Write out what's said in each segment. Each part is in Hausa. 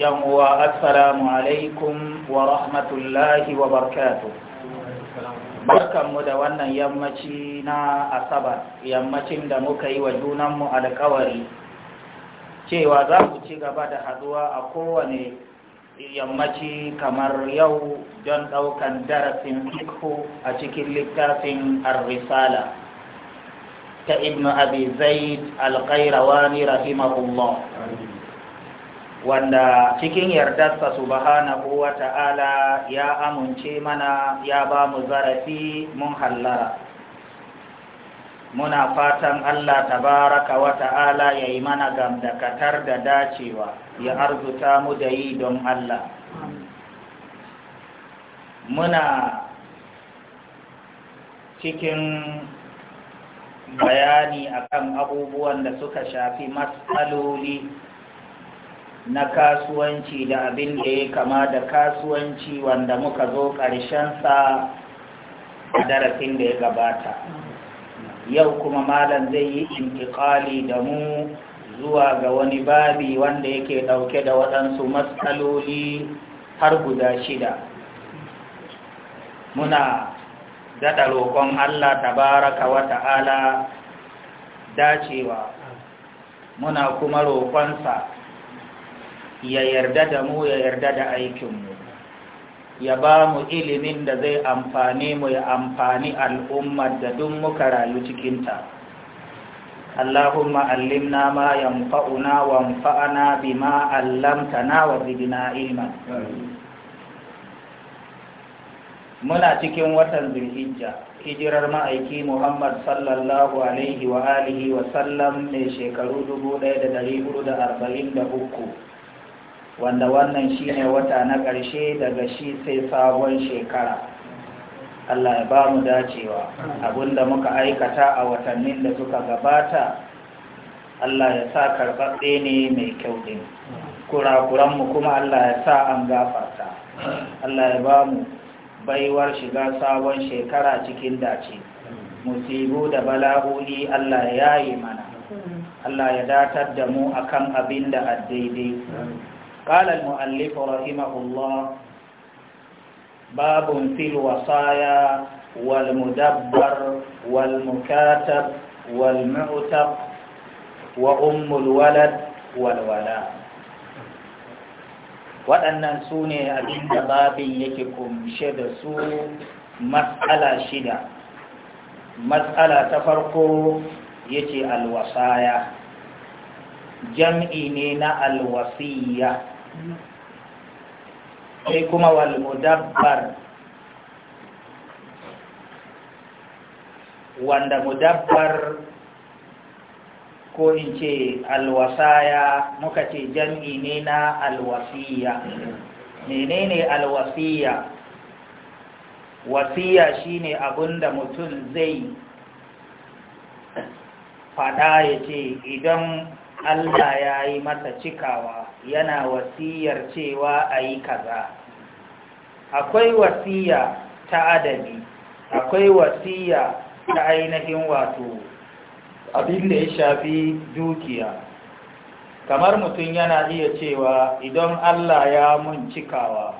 yan uwa assalamu alaikum wa rahmatullahi wa barkatu barkanmu da wannan yammaci na asabar yammacin da muka yi wa junanmu alkawari cewa za mu ci gaba da haduwa a kowane yammaci kamar yau don daukan darasin fikhu a cikin littafin ar-risala ta ibnu abi zaid al-qayrawani rahimahullah wanda cikin yardarsa subhanahu wa ta'ala ya amince mana ya ba mu zarafi mun hallara muna fatan Allah tabaraka wa ta'ala ya yi mana gamdakatar da dacewa ya arzuta mu da yi don Allah muna cikin bayani akan abubuwan da suka shafi matsaloli na kasuwanci da abin da ya kama da kasuwanci wanda muka zo ƙarshen sa a darasin da ya gabata yau kuma malam zai yi intiƙali da mu zuwa ga wani babi wanda yake ɗauke da waɗansu matsaloli har guda shida muna daɗa roƙon allah tabaraka wa ta'ala dacewa muna kuma roƙonsa ya yarda da mu ya yarda da aikinmu ya ba mu ilimin da zai amfani mu ya amfani al'umma da duk muka rayu cikinta Allahumma allimna ma yanfa'una wanfa'na bima 'allamtana wa zidna ilma muna cikin watan zulhijja hijirar ma'aiki Muhammad sallallahu alaihi wa alihi wa sallam ne shekaru 1443 wanda wannan shi ne wata na ƙarshe daga shi sai sabon shekara Allah ya ba mu dacewa abinda muka aikata a watannin da suka gabata Allah ya sa karɓaɓɓe ne mai kyau ɗin kurakuranmu kuma Allah ya sa an gafarta Allah ya ba mu baiwar shiga sabon shekara cikin dace musibu da bala'o'i Allah ya yi mana Allah ya datar da mu akan abin da daidai قال المؤلف رحمه الله باب في الوصايا والمدبر والمكاتب والمعتق وأم الولد والولاء waɗannan su ne abin da babin yake kumshe da su matsala shida matsala ta farko yake alwasaya jam'i ne na alwasiya sai kuma walmudabbar wanda mudabbar ko in ce alwasaya muka ce jam'i ne na alwasiya menene alwasiya wasiya shine abinda mutum zai fada ya ce idan Allah ya yi masa cikawa yana wasiyar cewa a yi kaza akwai wasiya ta adabi akwai wasiya ta ainihin wato abin da ya shafi dukiya kamar mutum yana iya cewa idan Allah ya mun cikawa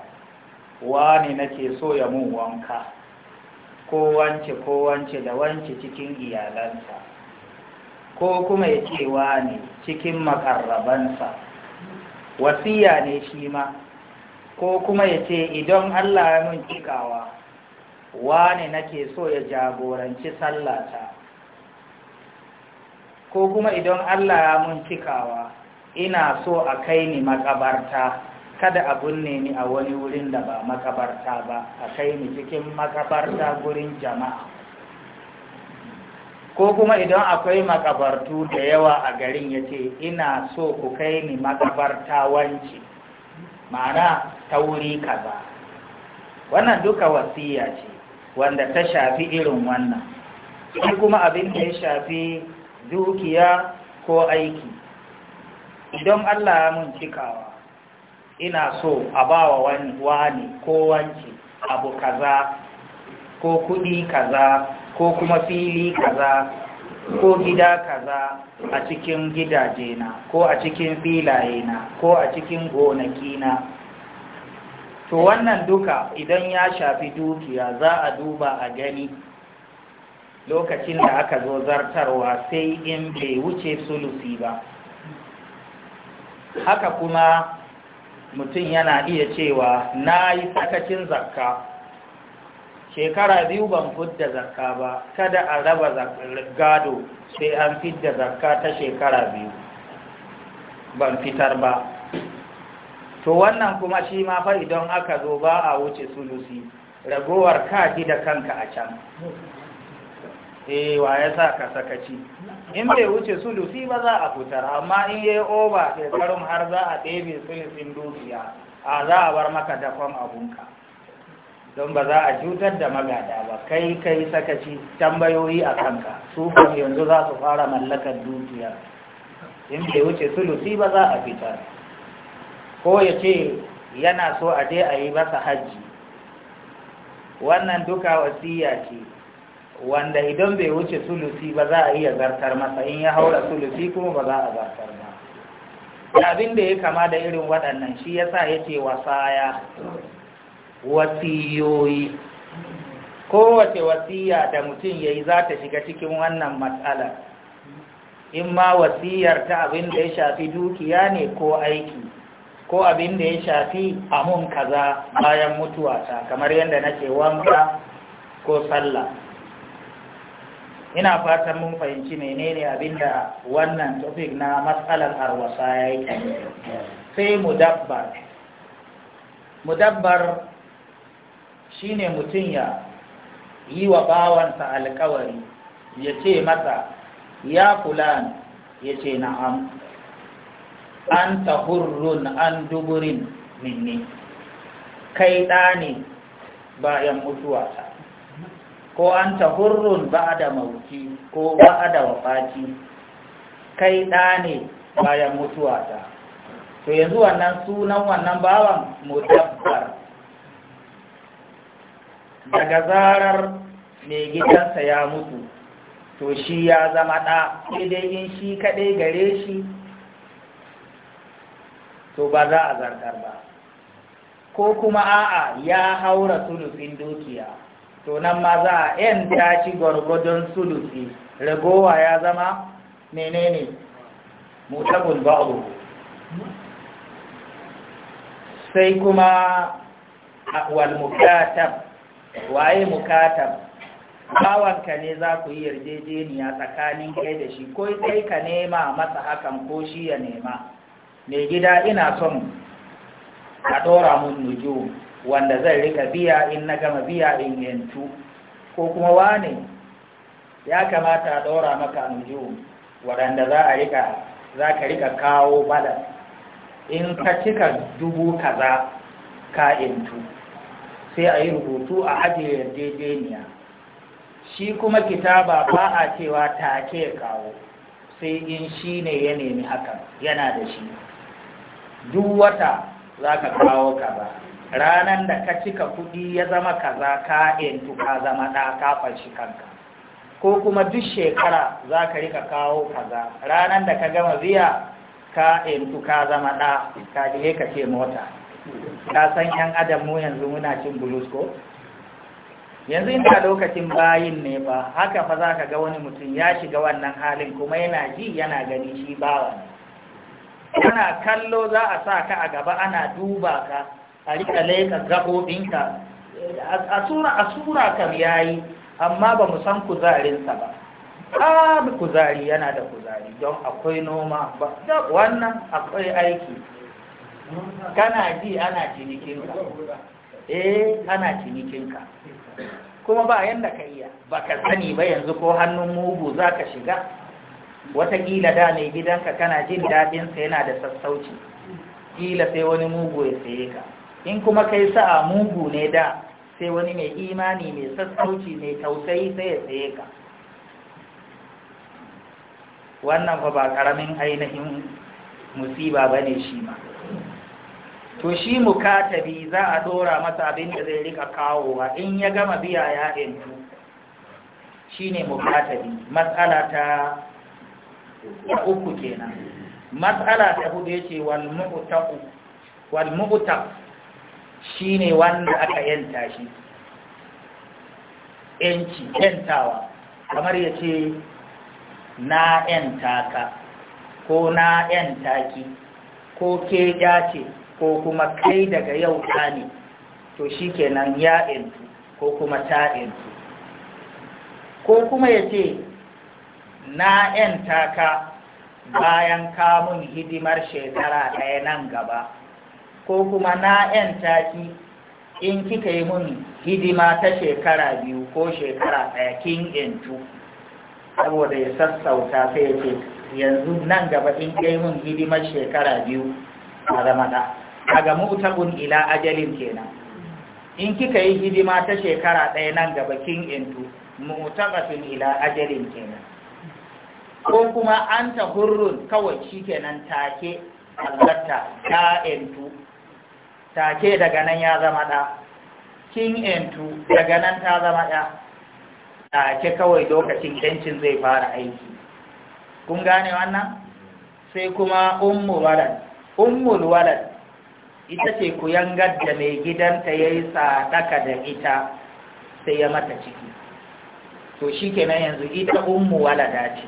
wani nake so ya mun wanka ko wance ko wance da wance cikin iyalansa ko kuma ya ce ne cikin makarrabansa wasiya ne shi ma ko kuma ya ce idan Allah ya mun cikawa ne nake so ya jagoranci sallata ko kuma idan Allah ya mun cikawa ina so a kai ni makabarta kada a binne ni a wani wurin da ba makabarta ba a kai ni cikin makabarta gurin jama'a ko kuma idan akwai makabartu da yawa a garin ya ce ina so ku kai ni makabarta wance ma'ana ta wuri kaza wannan duka wasiya ce wanda ta shafi irin wannan sai kuma abin da ya shafi dukiya ko aiki idan Allah ya mun cikawa ina so a ba wa wani ko wance abu kaza ko kuɗi kaza ko kuma fili kaza ko gida kaza a cikin gidaje na ko a cikin filaye na ko a cikin gonaki na to wannan duka idan ya shafi dukiya za a duba a gani lokacin da aka zo zartarwa sai in bai wuce sulusi ba haka kuma mutum yana iya cewa na yi sakacin zakka shekara biyu ban fidda zakka ba kada a raba gado sai an fidda zakka ta shekara biyu ban fitar ba to wannan kuma shi ma fa idan aka zo ba a wuce sulusi ragowar ka ji da kanka a can eh wa ya sa ka sakaci in bai wuce sulusi ba za a fitar amma in yayi oba shekarun har za a ɗebe sulusin dukiya a za a bar maka dakon abunka don ba za a cutar da magada ba kai kai sakaci tambayoyi a kanka su yanzu za su fara mallakar dukiya in bai wuce sulusi ba za a fitar ko ya ce yana so a je a yi masa hajji wannan duka wasiya ce wanda idan bai wuce sulusi ba za a iya zartar masa in ya haura sulusi kuma ba za a zartar ba abin da ya kama da irin waɗannan shi yasa ya ce wasaya wasiyoyi kowace wasiya da mutum ya yi za ta shiga cikin wannan matsala in ma wasiyar ta abin da ya shafi dukiya ne ko aiki ko abin da ya shafi amun kaza bayan mutuwa ta kamar yadda nake wanka ko sallah ina fatan mun fahimci menene abin da wannan topic na matsalar arwasa ya yi sai mudabbar mudabbar shine mutum ya yi wa bawansa alkawari ya ce masa ya fulan ya ce na'am an tahurrun an duburin minni kai ɗa ne bayan mutuwata ko an tahurrun ba da mauki ko ba da wafati kai ɗa ne bayan mutuwata to yanzu wannan sunan wannan bawan mutabbar daga zarar mai gidansa ya mutu to shi ya zama ɗa dai in shi kaɗai gare shi to ba za a zartar ba ko kuma a'a ya haura sulufin dukiya to nan ma za a ‘yan tashi gwargwadon sulufi ragowa ya zama menene mutabun ba'u sai kuma a mukatab waye mukatab bawanka ne za ku yi yarjejeniya tsakanin kai da shi ko kai ka nema masa hakan ko shi ya nema mai gida ina son a ɗora mun nuju wanda zai rika biya in na gama biya in yantu ko kuma wane ya kamata a ɗora maka nuju waɗanda za a rika za ka rika kawo bada in ka cika dubu kaza ka yantu sai a yi rubutu a ajiye yarjejeniya shi kuma kitaba ba a cewa take kawo sai in shi ne ya nemi hakan yana da shi duk wata za ka kawo kaza ranar da ka cika kudi ya zama kaza ka yantu ka zama ɗa kafar shi kanka ko kuma duk shekara za ka rika kawo kaza ranar da ka gama biya ka yantu ka zama ɗa ka je ka ce mota kasan yan adam mu yanzu muna cin bulus ko yanzu inda lokacin bayin ne ba haka fa za ka ga wani mutum ya shiga wannan halin kuma yana ji yana gani shi bawa ana kallo za a sa ka a gaba ana duba ka a rika laika gaɓoɓinka a sura kam ya yi amma ba mu san kuzarinsa ba kuzari yana da kuzari don akwai noma ba wannan akwai aiki kana ji ana cinikinka eh ana cinikinka kuma ba yanda ka iya ba ka sani ba yanzu ko hannun mugu za ka shiga watakila da mai gidanka kana jin daɗinsa yana da sassauci Ƙila sai wani mugu ya saye ka in kuma kai sa'a mugu ne da sai wani mai imani mai sassauci mai tausayi sai ya saye ka wannan fa ba karamin ainihin musiba ba ne shi ma to shi mukatabi za a dora masa abin da zai rika kawowa in ya gama biya ya intu shi ne mukatabi matsala ta uku kenan matsala ta hudu ya ce walmu'uta shi ne wanda aka yanta shi yanci yantawa kamar ya ce na yanta ka ko na yanta ki ko ke ya ce ko kuma kai daga yau ta ne to shi kenan ya intu ko kuma ta ko kuma ya ce na ka bayan kamun hidimar shekara ɗaya nan gaba ko kuma na ki in kika yi mun hidima ta shekara biyu ko shekara ɗaya kin tu? saboda ya sassauta sai ya ce yanzu nan gaba in kai mun hidimar shekara biyu a zama ɗa kaga mutabun ila ajalin kenan in kika yi hidima ta shekara ɗaya nan gaba kin intu mutabatun ila ajalin kenan ko kuma an ta hurrun kawai kenan take albatta ta intu take daga nan ya zama ɗa kin intu daga nan ta zama ɗa take kawai lokacin yancin zai fara aiki kun gane wannan sai kuma ummul walad ummul walad ita ce ku yangar da mai gidanta ya yi sadaka da ita sai ya mata ciki to shi kenan yanzu ita ummu walada ce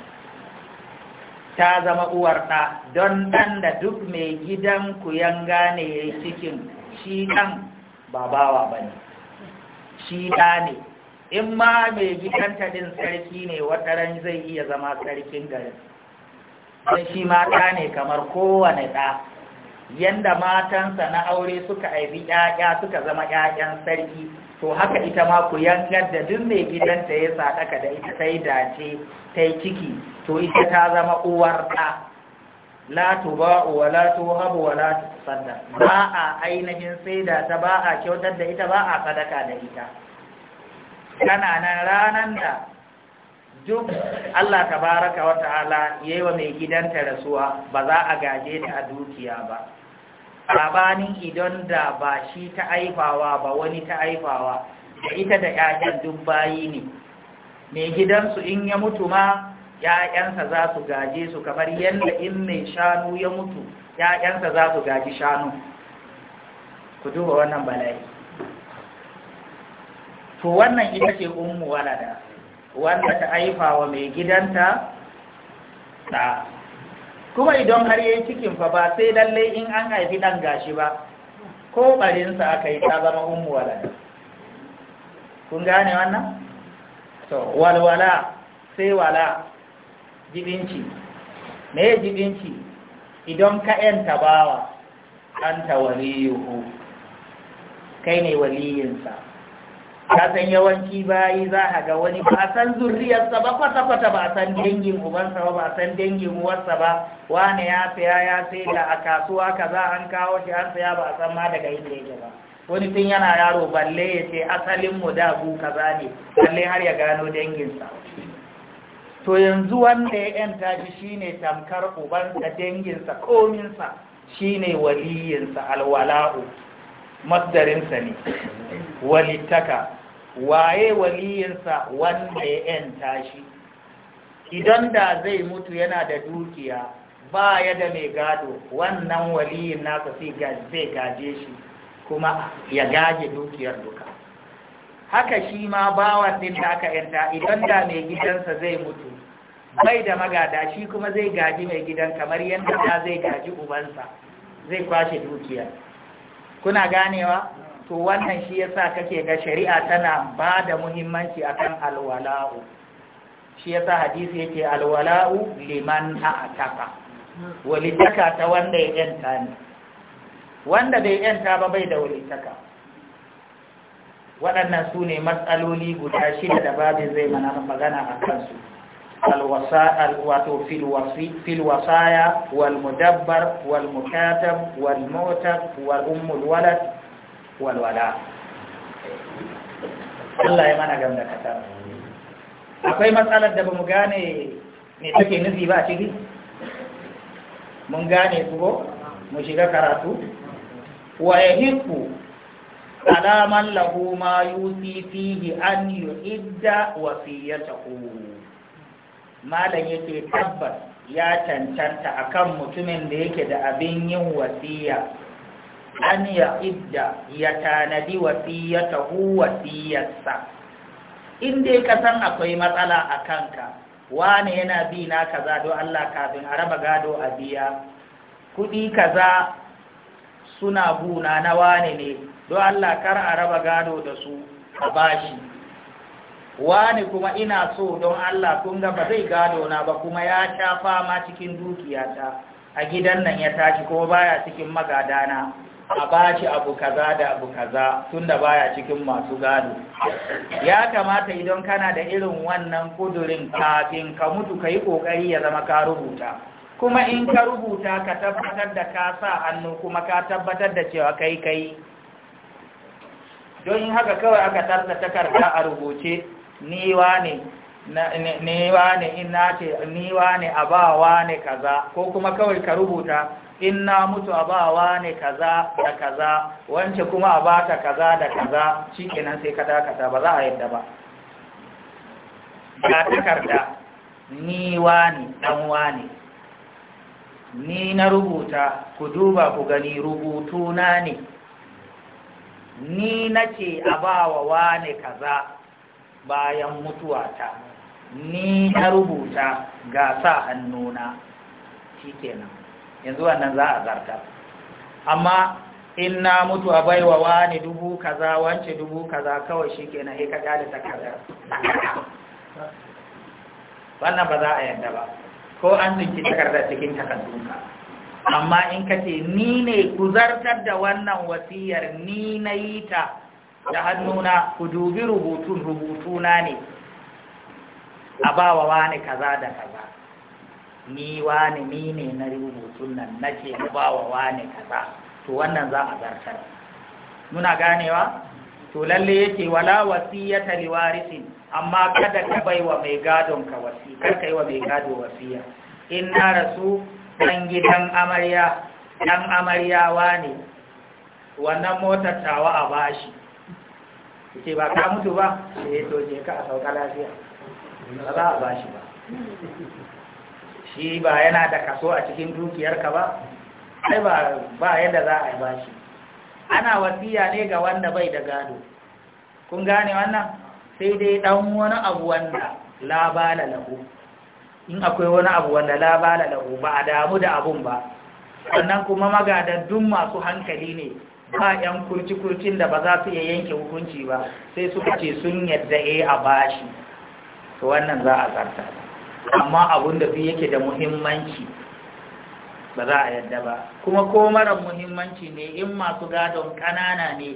ta zama uwar ɗa don ɗan da duk mai gidan ku yanga ne ya yi cikin shi ɗan ba ba ne shi ɗa ne in ma mai gidanta ɗin sarki ne wataran zai iya zama sarkin garin sai shi ma ɗa ne kamar kowane ɗa yanda matansa na aure suka aibi ƴaƴa suka zama ƴaƴan sarki to haka ita ma ku yankar da duk mai gidanta ya sadaka da ita sai dace ta ciki to ita ta zama uwar ta la tuba wa la tuhabu wa la tusadda ba a ainihin sai da ta ba a kyautar da ita ba a sadaka da ita kana nan ranan da duk Allah tabaraka wa ta'ala yayi wa mai gidanta rasuwa ba za a gaje ta a dukiya ba sabanin idan da ba shi ta aifawa ba wani ta aifawa da ita da 'ya'yan duk bayi ne mai gidansu in ya mutu ma 'ya'yansa za su gaje su kamar yadda in mai shanu ya mutu 'ya'yansa za su gaji shanu ku duba wannan bala'i to wannan ita ce ummu walada wanda ta haifa wa mai gidanta ta kuma idan har yi cikin fa ba sai lallai in an haifi ɗan gashi ba ko ɓarinsa aka yi ta zama umuwala kun gane wannan? so walwala sai wala jibinci me jibinci idan ka ‘yanta bawa an ta waliyu kai ne waliyinsa kasan yawanci bayi za a ga wani ba a san zurriyarsa ba kwata-kwata ba a san dangin ubansa ba ba a san dangin uwarsa ba wane ya saya ya sai da a kasuwa ka za an kawo shi an saya ba san ma daga inda yake ba wani tun yana yaro balle ya ce asalin mu da ku kaza ne balle har ya gano danginsa to yanzu wanda ya yanta shi shine tamkar ubansa danginsa kominsa shine waliyinsa alwala'u masdarinsa ne walittaka waye waliyinsa wanda ya yanta shi idan da zai mutu yana da dukiya ba ya da mai gado wannan waliyin nasa zai gaje shi kuma ya gaje dukiyar duka haka shi ma bawan din da aka yanta idan da mai gidansa zai mutu bai da magada shi kuma zai gaji mai gidan kamar yadda ta zai gaji ubansa zai kwashe dukiyar kuna ganewa to wannan shi yasa kake ga shari'a tana ba da muhimmanci akan alwala'u shi yasa hadisi yake alwala'u liman a'taka walitaka ta wanda ya yanta ne wanda bai yanta ba bai da walitaka waɗannan su ne matsaloli guda shida da babin zai mana magana a kansu الوصاء في الوصي في الوصايا والمدبر والمكاتب والموتى والأم الولد والولاء الله يمنع جمد كتاب أقول مسألة دب مغاني نتكي نزي باتي دي مغاني كبو مشيغا كراتو ويهيكو سلاما له ما يوصي فيه أن يعد وصيته malam yake tabbas ya cancanta akan mutumin da yake da abin yin wasiya an ya idda ya tanadi hu wasiyarsa in dai ka san akwai matsala a kanka wane yana bi na kaza do Allah kafin a raba gado a biya kudi kaza suna buna na wane ne do Allah kar a raba gado da su a bashi wani kuma ina so don Allah kun ga ba zai gado na ba kuma ya sha fama cikin dukiyata a gidan nan ya tashi ko baya cikin magadana a bashi abu kaza da abu kaza tunda baya cikin masu gado ya kamata idan kana da irin wannan kudurin kafin ka mutu kai kokari ya zama ka rubuta kuma in ka rubuta ka tabbatar da ka sa hannu kuma ka tabbatar da cewa kai kai don haka kawai aka tarda takarda a rubuce niwa ne niwa ne ina ce niwa ne a bawa ne kaza ko kuma kawai ka rubuta na mutu a bawa ne kaza da kaza wance kuma a bata kaza da kaza cikinan sai ka dakata ba za a yadda ba ga takarda niwa ne dan ne ni na rubuta ku duba ku gani rubutu na ne ni nace a bawa wane kaza bayan mutuwata ni na rubuta ga sa hannuna shi kenan yanzu wannan za a zartar amma in na mutu a baiwa wani dubu kaza wance dubu kaza kawai shi kenan ya kaɗa da takardar wannan ba za a yadda ba ko an zinki takardar cikin takardunka amma in ka ce ni ne ku zartar da wannan wasiyar ni na yi ta da hannuna ku dubi rubutun rubutuna ne a ba wa wani kaza da kaza ni wani ni ne na rubutun nan nake ba wa wani kaza to wannan za a zartar muna ganewa to lalle yake wala wasiyata liwarisin amma kada ka baiwa mai gadon ka wasi kar ka yi wa mai gado wasiya in na rasu dan gidan amarya dan amaryawa ne wannan motar tawa a bashi ce ba ka mutu ba sai eh to je ka a sauka lafiya ba za a bashi ba shi ba yana da kaso a cikin dukiyarka ba ai ba ba yadda za a yi bashi ana wasiya ne ga wanda bai da gado kun gane wannan sai dai dan wani abu wanda labala lahu in akwai wani abu wanda labala lahu ba a damu da abun ba sannan kuma magadaddun masu hankali ne ba ‘yan kurci-kurcin da ba za su iya yanke hukunci ba sai suka ce sun yadda ya eh, a bashi to wannan za a zarta amma abun da su yake da muhimmanci ba za a yadda ba kuma ko mara muhimmanci ne in masu gadon ƙanana ne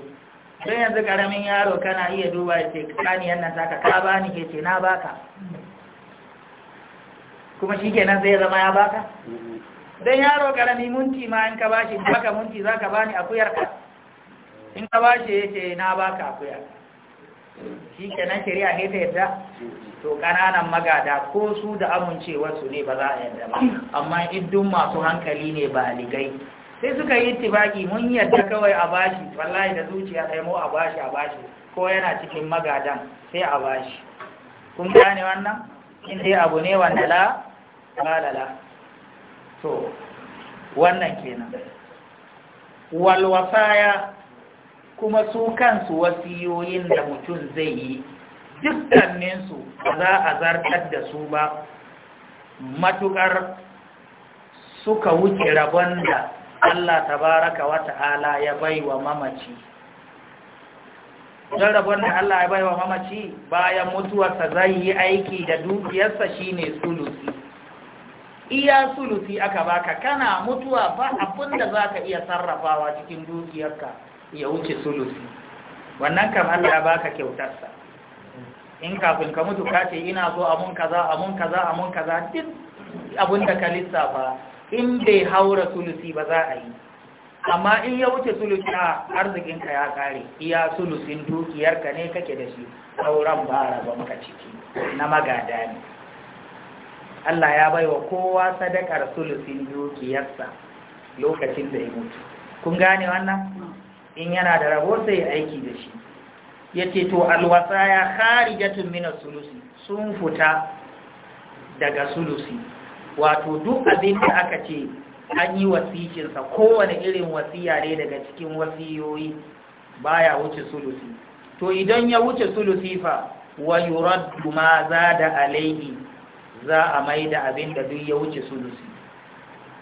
don yanzu ƙaramin yaro kana iya duba ya ce kani nan ta ka ba ni ke ce na baka kuma shi kenan zai zama ya baka don yaro karami munci ma in ka bashi baka munci za ka bani akuyar ka in ka bashi ya ce na baka akuyar shi ke nan shari'a ne yadda to kananan magada ko su da amincewarsu ne ba za a yadda ba amma iddun masu hankali ne ba ligai sai suka yi tibaki mun yadda kawai a bashi wallahi da zuciya sai mu a bashi a bashi ko yana cikin magadan sai a bashi kun gane wannan in dai abu ne wanda la la la to wannan kenan walwasaya kuma su kansu wasiyoyin da mutum zai yi dukkaninsu za a zartar da su ba matukar suka wuce rabon da Allah tabaraka wa ta'ala ya bai wa mamaci don rabon da Allah ya bai wa mamaci bayan mutuwarsa zai yi aiki da dukiyarsa shine su iya sulusi aka baka kana mutuwa ba abin da za ka iya sarrafawa cikin dukiyarka ya wuce sulusi wannan kam Allah ya baka kyautarsa in kafin ka mutu ka ce ina so amun kaza amun kaza amun kaza duk abin da ka lissafa in bai haura sulusi ba za a yi amma in ya wuce sulusi a arzikinka ya kare iya sulusin dukiyarka ne kake da shi sauran ba muka ciki na magada ne Allah ya baiwa kowa sadakar sulusin dukiyarsa lokacin da ya mutu kun gane wannan in yana da rabo sai aiki da shi ya ce to alwasa ya kari jatun mina sulusi sun fita daga sulusi wato duk abin da aka ce an yi wasikinsa kowane irin wasiya ne daga cikin wasiyoyi baya wuce sulusi to idan ya wuce sulusi fa wa yuraddu ma da alaihi za a mai da abin da duk ya wuce sulusi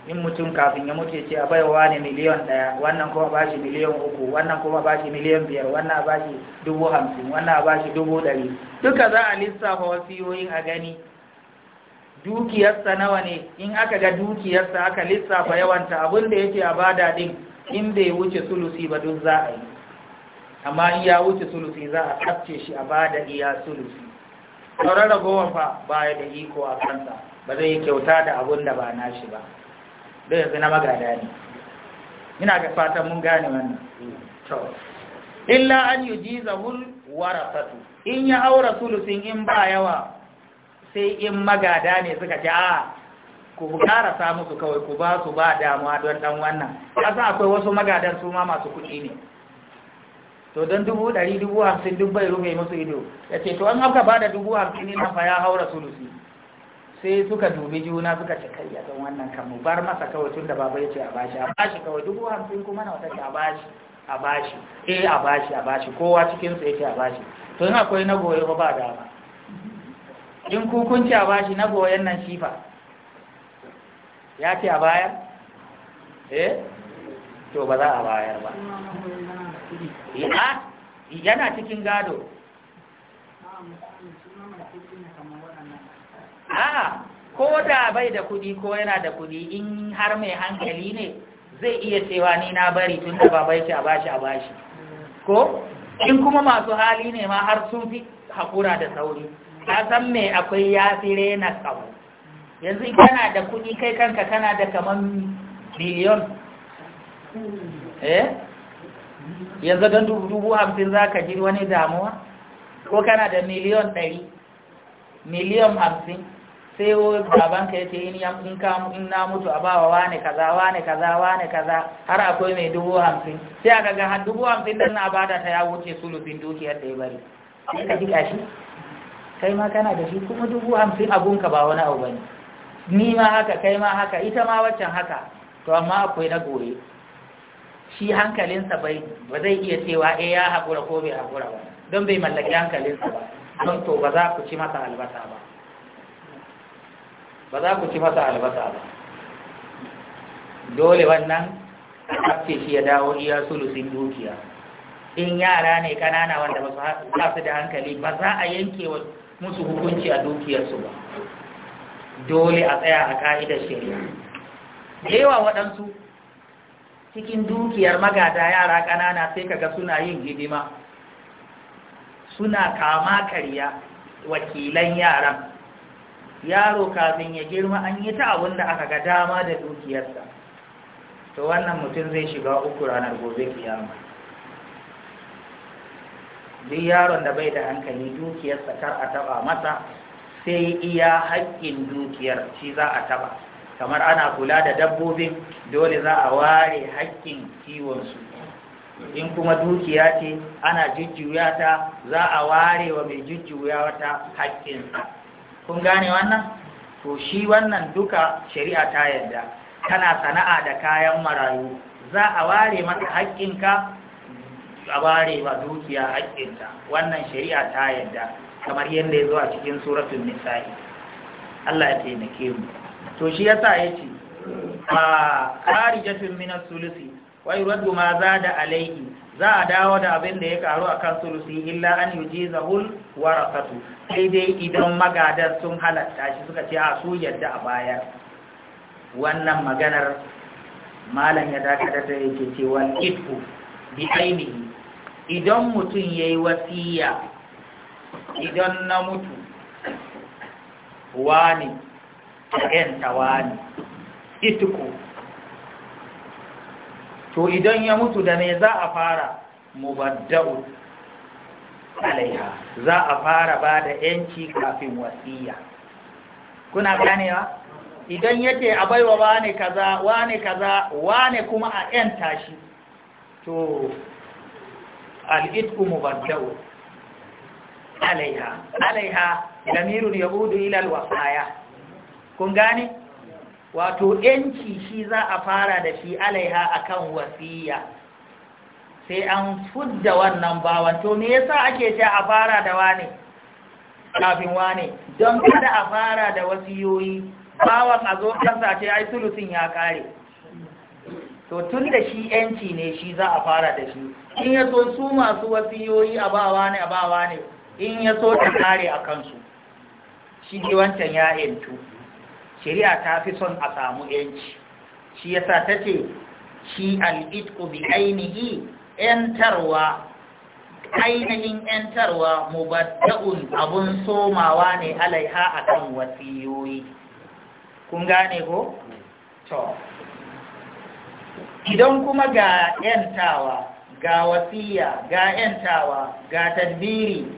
in mutum kafin ya mutu ce a wa ne miliyan ɗaya wannan kuma ba shi miliyan uku wannan kuma ba shi miliyan biyar wannan ba shi dubu hamsin wannan ba shi dubu ɗari duka za a lissafa wasiyoyin a gani dukiyarsa nawa ne in aka ga dukiyarsa aka lissafa yawanta abin da yake a bada din in bai wuce sulusi ba duk za a yi amma in ya wuce sulusi za a kafce shi a bada iya sulusi sauran ragowar fa ba ya da iko a kansa ba zai yi kyauta da abun da ba nashi ba da yanzu na magada ne ina ga fatan mun gane wannan illa an yi jizahul fatu in ya aura sulusin in ba yawa sai in magada ne suka ce a ku samu su kawai ku ba su ba damuwa don ɗan wannan kasa akwai wasu magadan su ma masu kuɗi ne to don dubu ɗari dubu hamsin duk bai rufe musu ido ya ce to an haka ba da dubu hamsin ne fa ya haura sulusi sai suka dubi juna suka ce kai a kan wannan kan mu bar masa kawai tun da baba ya ce a bashi a bashi kawai dubu hamsin kuma na wata ce a bashi a bashi eh a bashi a bashi kowa cikinsu ya ce a bashi to in akwai na goye ba ba dama in kukunci a bashi na goyen nan shifa ya ce a bayar eh to ba za a bayar ba ya yana cikin gado a'a ko da bai da kudi ko yana da kudi in har mai hankali ne zai iya cewa ni na bari tun da babai ce a bashi a bashi ko in kuma masu hali ne ma har sun fi hakura da sauri ta san me akwai ya fi rena yanzu kana da kudi kai kanka kana da kamar miliyon eh yanzu don dubu hamsin za ka ji wani damuwa ko kana da miliyon ɗari miliyon hamsin sai babanka ya ce in na mutu a bawa wane kaza wane kaza wane kaza har akwai mai dubu hamsin sai aka ga dubu hamsin don na bada ta ya wuce sulufin dukiyar da ya bari sai ka ji kashi kai ma kana da shi kuma dubu hamsin abunka ba wani abu bane ni ma haka kai ma haka ita ma waccan haka to amma akwai na gore shi hankalinsa bai ba zai iya cewa eh ya haƙura ko bai haƙura ba don bai mallaki hankalinsa ba don to ba za ku ci masa albasa ba ba za ku ci masa albasa ba dole wannan kafce shi ya dawo iya sulusin dukiya in yara ne kanana wanda ba su da hankali ba za a yanke wa musu hukunci a dukiyarsu ba dole a tsaya a ka'idar shari'a da yawa waɗansu cikin dukiyar magada yara ƙanana sai kaga suna yin hidima suna kama karya wakilan yaran yaro kafin ya girma an yi ta abun da aka ga dama da dukiyarsa to wannan mutum zai shiga uku ranar gobe kiyama duk yaron da bai da hankali dukiyarsa kar a taba masa sai iya haƙƙin dukiyar shi za a taba kamar ana kula da dabbobin dole za a ware haƙƙin kiwonsu in kuma dukiya ce ana jujjuya za a ware wa mai jujjuya wata haƙƙinsa kun gane wannan to shi wannan duka shari'a ta yadda kana sana'a da kayan marayu za a ware masa haƙƙinka a ware wa dukiya haƙƙinta wannan shari'a ta yadda kamar yadda ya zo a cikin suratun nisa'i Allah ya taimake mu to shi yasa ya ce a jafin minar sulusi wai raddu ma za da alaihi za a dawo da abin da ya karu a kan sulusi illa an yi ji zahul warasatu sai dai idan magadar sun halatta shi suka ce a su yadda a bayar wannan maganar malam ya dakatar da yake ce wal bi ainihi idan mutum ya yi wasiya idan na mutu wani ƙagen tawani ituku to idan ya mutu da me za a fara mubadda'u alaiha za a fara ba da yanci kafin wasiya kuna ganewa idan yake a baiwa wane kaza wane kaza wane kuma a yanta shi to al'idku mubadda'u alaiha alaiha damirun yahudu ila wasaya kun gane wato yanci shi za a fara da shi alaiha akan wasiya sai an fudda wannan bawan to me yasa ake ce a fara da wane kafin wane don kada a fara da wasiyoyi bawan a zo kansa ce ai sulusin ya kare to tun da shi yanci ne shi za a fara da shi in ya so su masu wasiyoyi a bawa ne a bawa ne in ya so ta kare a kansu shi ne wancan ya yantu shari'a ta fi son a samu yanci shi ya sa ta ce shi al'itku bi ainihi ‘yantarwa ainihin ‘yantarwa ta'un abun somawa ne alaiha a kan wasiyoyi kun gane ko? to idan kuma ga ‘yantawa ga wasiya ga ‘yantawa ga tadbiri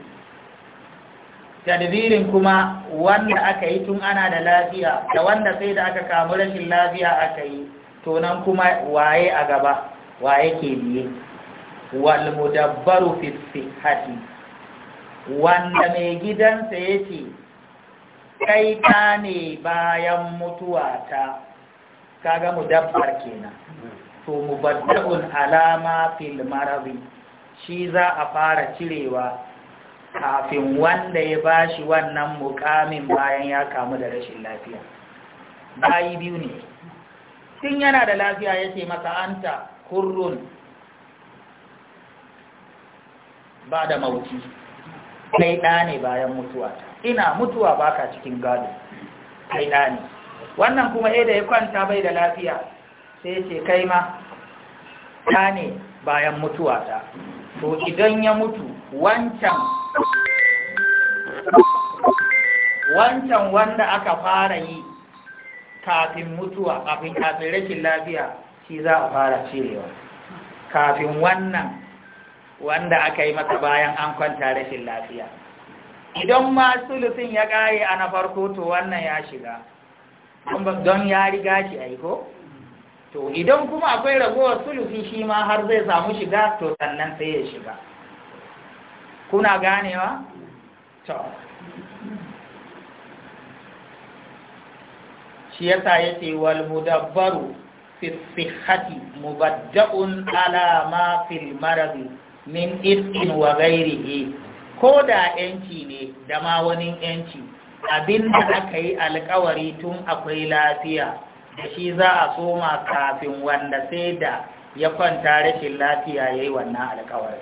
tadbirin kuma wanda aka yi tun ana da lafiya da wanda sai da aka kamu rashin lafiya aka yi to kuma waye a gaba waye ke biye wal mudabbaru fi sihhati wanda mai gidansa yace kai ta ne bayan mutuwa ta kaga mudabbar kenan to mubadda'un alama fil maradi shi za a fara cirewa kafin wanda ya bashi wannan mukamin bayan ya kamu da rashin lafiya bayi biyu ne tun yana da lafiya ya ce maka anta hurrun ba da mauki kai ɗa ne bayan mutuwa ina mutuwa baka cikin gado kai ɗa ne wannan kuma ɗaya eh da ya kwanta bai da lafiya sai ce kai ma ta ne bayan mutuwa ta to idan ya mutu wancan wancan wanda aka fara yi kafin mutuwa kafin kafin rashin lafiya shi za a fara cirewa kafin wannan wanda aka yi masa bayan an kwanta rashin lafiya idan ma sulusin ya kare a na farko to wannan ya shiga don ya riga shi aiko to idan kuma akwai ragowar sulusin shi ma har zai samu shiga to sannan sai ya shiga kuna ganewa to shi yasa yace wal mudabbaru fi sihhati mubadda'un ala ma fil maradi min irqin wa ghairihi ko da yanci ne da ma wani yanci abinda aka yi alkawari tun akwai lafiya da shi za a soma kafin wanda sai da ya kwanta rashin lafiya ya yi wannan alkawari.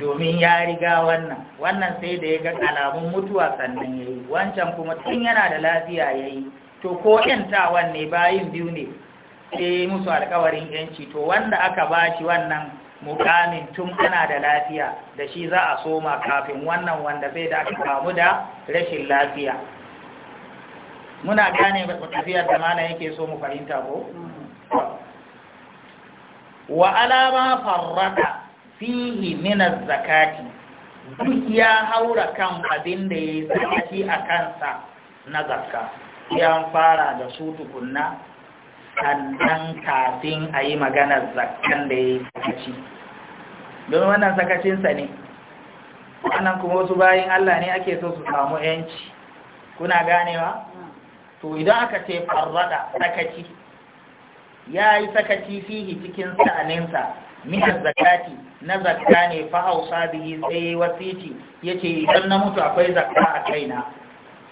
domin ya riga wannan wannan sai da ya ga alamun mutuwa sannan ya yi wancan kuma tun yana da lafiya ya yi to ko ‘yantawan ne bayin biyu ne sai musu alkawarin ‘yanci to wanda aka ba shi wannan mukamin tun ana da lafiya da shi za a soma kafin wannan wanda sai da aka kamu da rashin lafiya muna gane tafiyar da mana yake so mu fahimta ko mm. wa alama farraka fihi minas zakati duk ya haura kan abin da ya zaki a kansa na zakka ya fara da su tukunna sannan kafin a yi maganar zakkan da ya zaki don wannan sakacinsa ne wannan kuma wasu bayan Allah ne ake so su samu yanci kuna ganewa to idan aka ce farrada sakaci ya yi sakaci fihi cikin sa'aninsa min zakati na zakka ne fa hausa bihi sai wasiti ce idan na mutu akwai zakka a kaina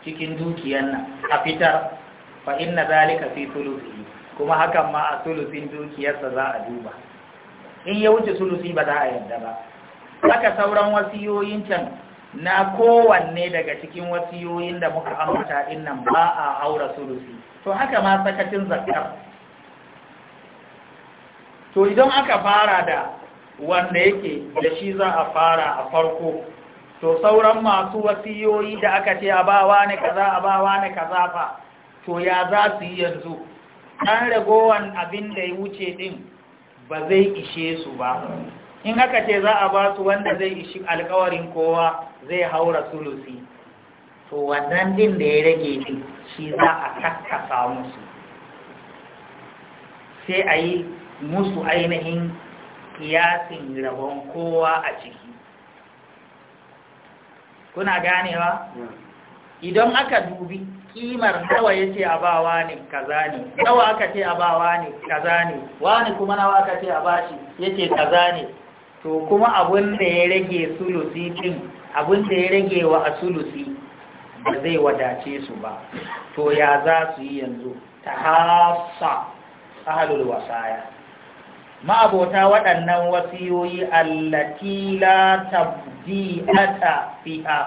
cikin dukiyar nan a fitar fa inna zalika fi sulusi kuma hakan ma a sulusin dukiyarsa za a duba in ya wuce sulusi ba za a yarda ba haka sauran wasiyoyin can na kowanne daga cikin wasiyoyin da muka ambata din nan ba a haura sulusi, to haka ma sakacin zakkar to idan aka fara da wanda yake da shi za a fara a farko to sauran masu wasiyoyi da aka ce a bawa ne kaza a bawa ne kaza fa to ya za su yi yanzu ɗan ragowan abin da ya wuce ɗin ba zai ishe su ba in aka ce za a ba su wanda zai ishi alkawarin kowa zai haura sulusi to wannan ɗin da ya rage ɗin shi za a kakkasa musu sai a yi musu ainihin kiyasin rabon kowa a ciki kuna ganewa idan aka dubi kimar nawa ya ce ne kaza ne nawa aka ce ne kaza ne wani kuma nawa aka ce a shi ya ce kaza ne to kuma abin da ya rage sulusi cin abin da ya rage wa a sulusi ba zai wadace su ba to ya za su yi yanzu ta hasa ahalul wasaya ma'abota waɗannan wasiyoyi allati la tabdi'ata fiha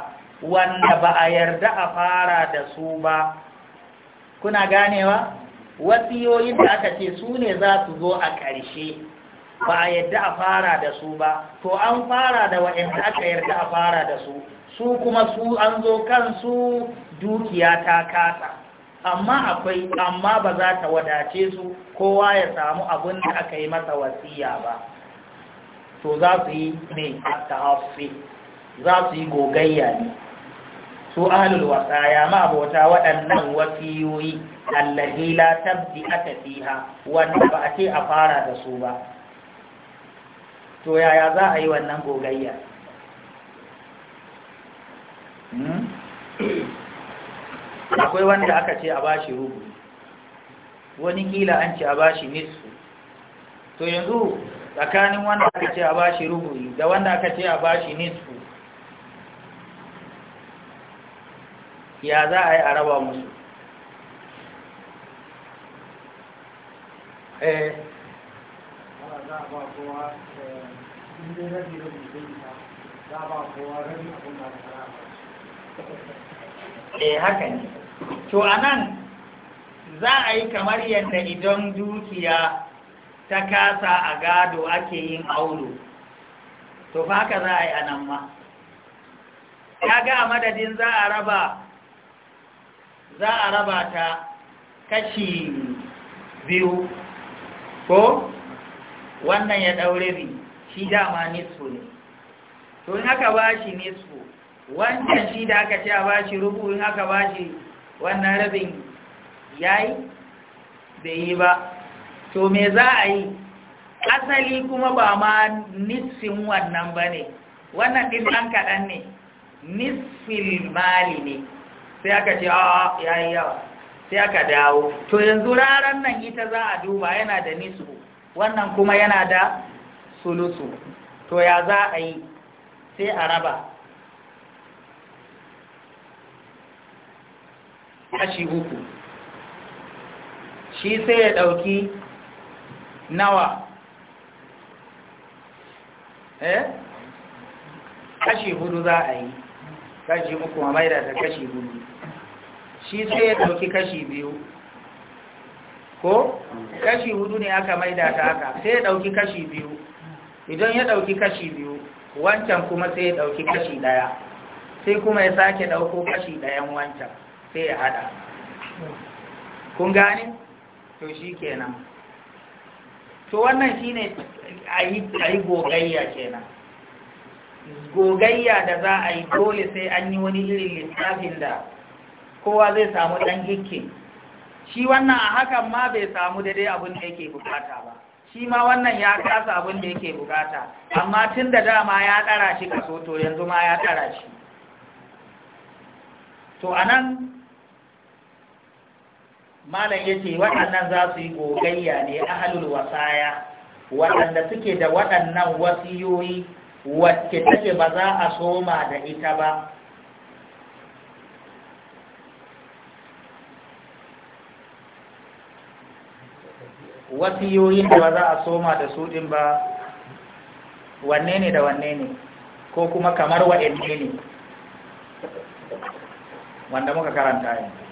wanda ba a yarda a fara da su ba kuna ganewa wasiyoyin da aka ce su ne za su zo a ƙarshe ba a yarda a fara da su ba to an fara da waɗanda aka yarda a fara da su su kuma su an zo kansu dukiya ta kasa amma akwai amma ba za ta wadace su kowa ya samu abin da aka yi masa wasiya ba to za su yi mai tahafi za su yi gogayya ne su wasa ya ma abota waɗannan wasiyoyi allahi la tabdi wanda ba a ce a fara da su ba to yaya za a yi wannan gogayya hmm? akwai wanda aka ce a bashi rubu wani kila an ce a bashi nisfu to yanzu tsakanin wanda aka ce a bashi rubu da wanda aka ce a bashi nisfu ya za a yi a raba musu eh eh haka ne to a nan za a yi kamar yadda idan dukiya ta kasa a gado ake yin aulo to fa haka za a yi a nan ma ya ga a madadin za a raba za a raba ta kashi biyu ko wannan ya ɗaure bi shi dama nisfu ne to in haka ba shi nisfu wancan shi da aka ce a ba shi rubu in haka ba shi wannan rabin yayi bai yi ba to me za a yi asali kuma ba ma nisfin wannan ba ne wannan ɗin ɗan kaɗan ne nisfin mali ne sai aka ce a ya yi yawa sai aka dawo to yanzu ranar nan ita za a duba yana da nisu wannan kuma yana da sulusu to ya za a yi sai a raba kashi uku shi sai ya ɗauki nawa eh kashi hudu za a yi kashi uku a maida ta kashi hudu shi sai ya ɗauki kashi biyu ko kashi hudu ne aka maida ta haka sai ya ɗauki kashi biyu idan ya ɗauki kashi biyu wancan kuma sai ya ɗauki kashi ɗaya sai kuma ya sake ɗauko kashi ɗayan wancan sai ya hada kun gane to shi kenan to wannan shine yi gogayya kenan gogayya da za a yi dole sai an yi wani irin littafin da kowa zai samu ɗan hikke shi wannan a hakan ma bai samu daidai abin da yake bukata ba shi ma wannan ya kasa abin da yake bukata amma tun da dama ya ɗara shi kaso to yanzu ma ya ɗara shi to anan malam ya ce waɗannan za su yi gogayya ne halin wasaya waɗanda suke da waɗannan wasiyoyi wacce take ba za a soma da ita ba wasiyoyin da ba za a soma da su ɗin ba wanne ne da wanne ne ko kuma kamar waɗanne ne wanda muka karanta yanzu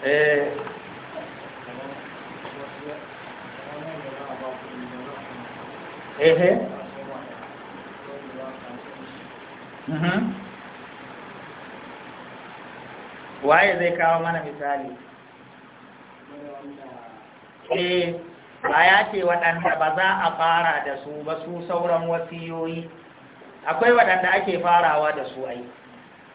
ehe eh, eh. mm-hmm. waye zai kawo mana misali eh ba ya ce waɗanda ba za a fara da su ba su sauran wasiyoyi akwai waɗanda ake farawa da su ai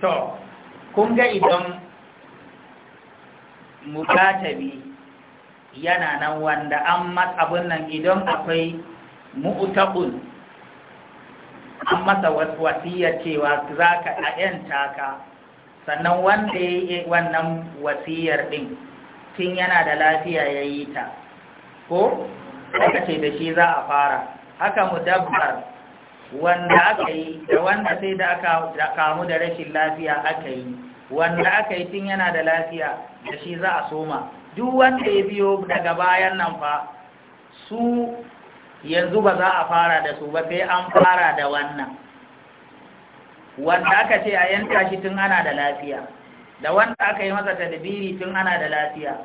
to kun ga idan mukatabi yana nan wanda an abun nan idan akwai mu'taqun an masa wasiyar cewa za ka ‘yanta ka sannan wanda ya yi wannan wasiyar ɗin tun yana da lafiya ya yi ta ko aka ce da shi za a fara haka mu dabbar wanda aka yi da wanda sai da aka kamu da rashin lafiya aka yi wanda aka yi tun yana da lafiya da shi za a soma duk wanda ya biyo daga bayan nan fa su yanzu ba za a fara da su ba sai an fara da wannan wanda aka ce a yanta shi tun ana da lafiya da wanda aka yi masa tadbiri tun ana da lafiya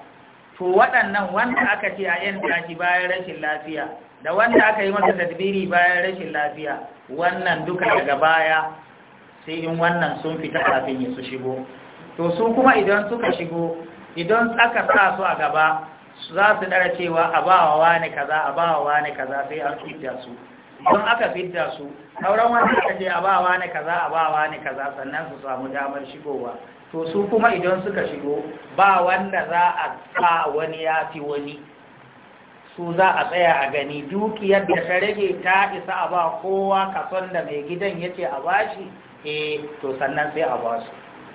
to waɗannan wanda aka ce a yanta shi bayan rashin lafiya da wanda aka yi masa tadbiri bayan rashin lafiya wannan duka daga baya sai in wannan sun fita kafin ya su shigo to su kuma idan suka shigo idan aka sa su a gaba za su dara cewa a bawa wani kaza a bawa wani kaza sai an fidda su don aka fidda su sauran wani aka je a bawa wani kaza a bawa wani kaza sannan su samu damar shigowa to su kuma idan suka shigo ba wanda za a sa wani ya fi wani su za a tsaya a gani dukiyar da ta rage ta isa a ba kowa kason da mai gidan ya ce a bashi E, to sannan sai a basu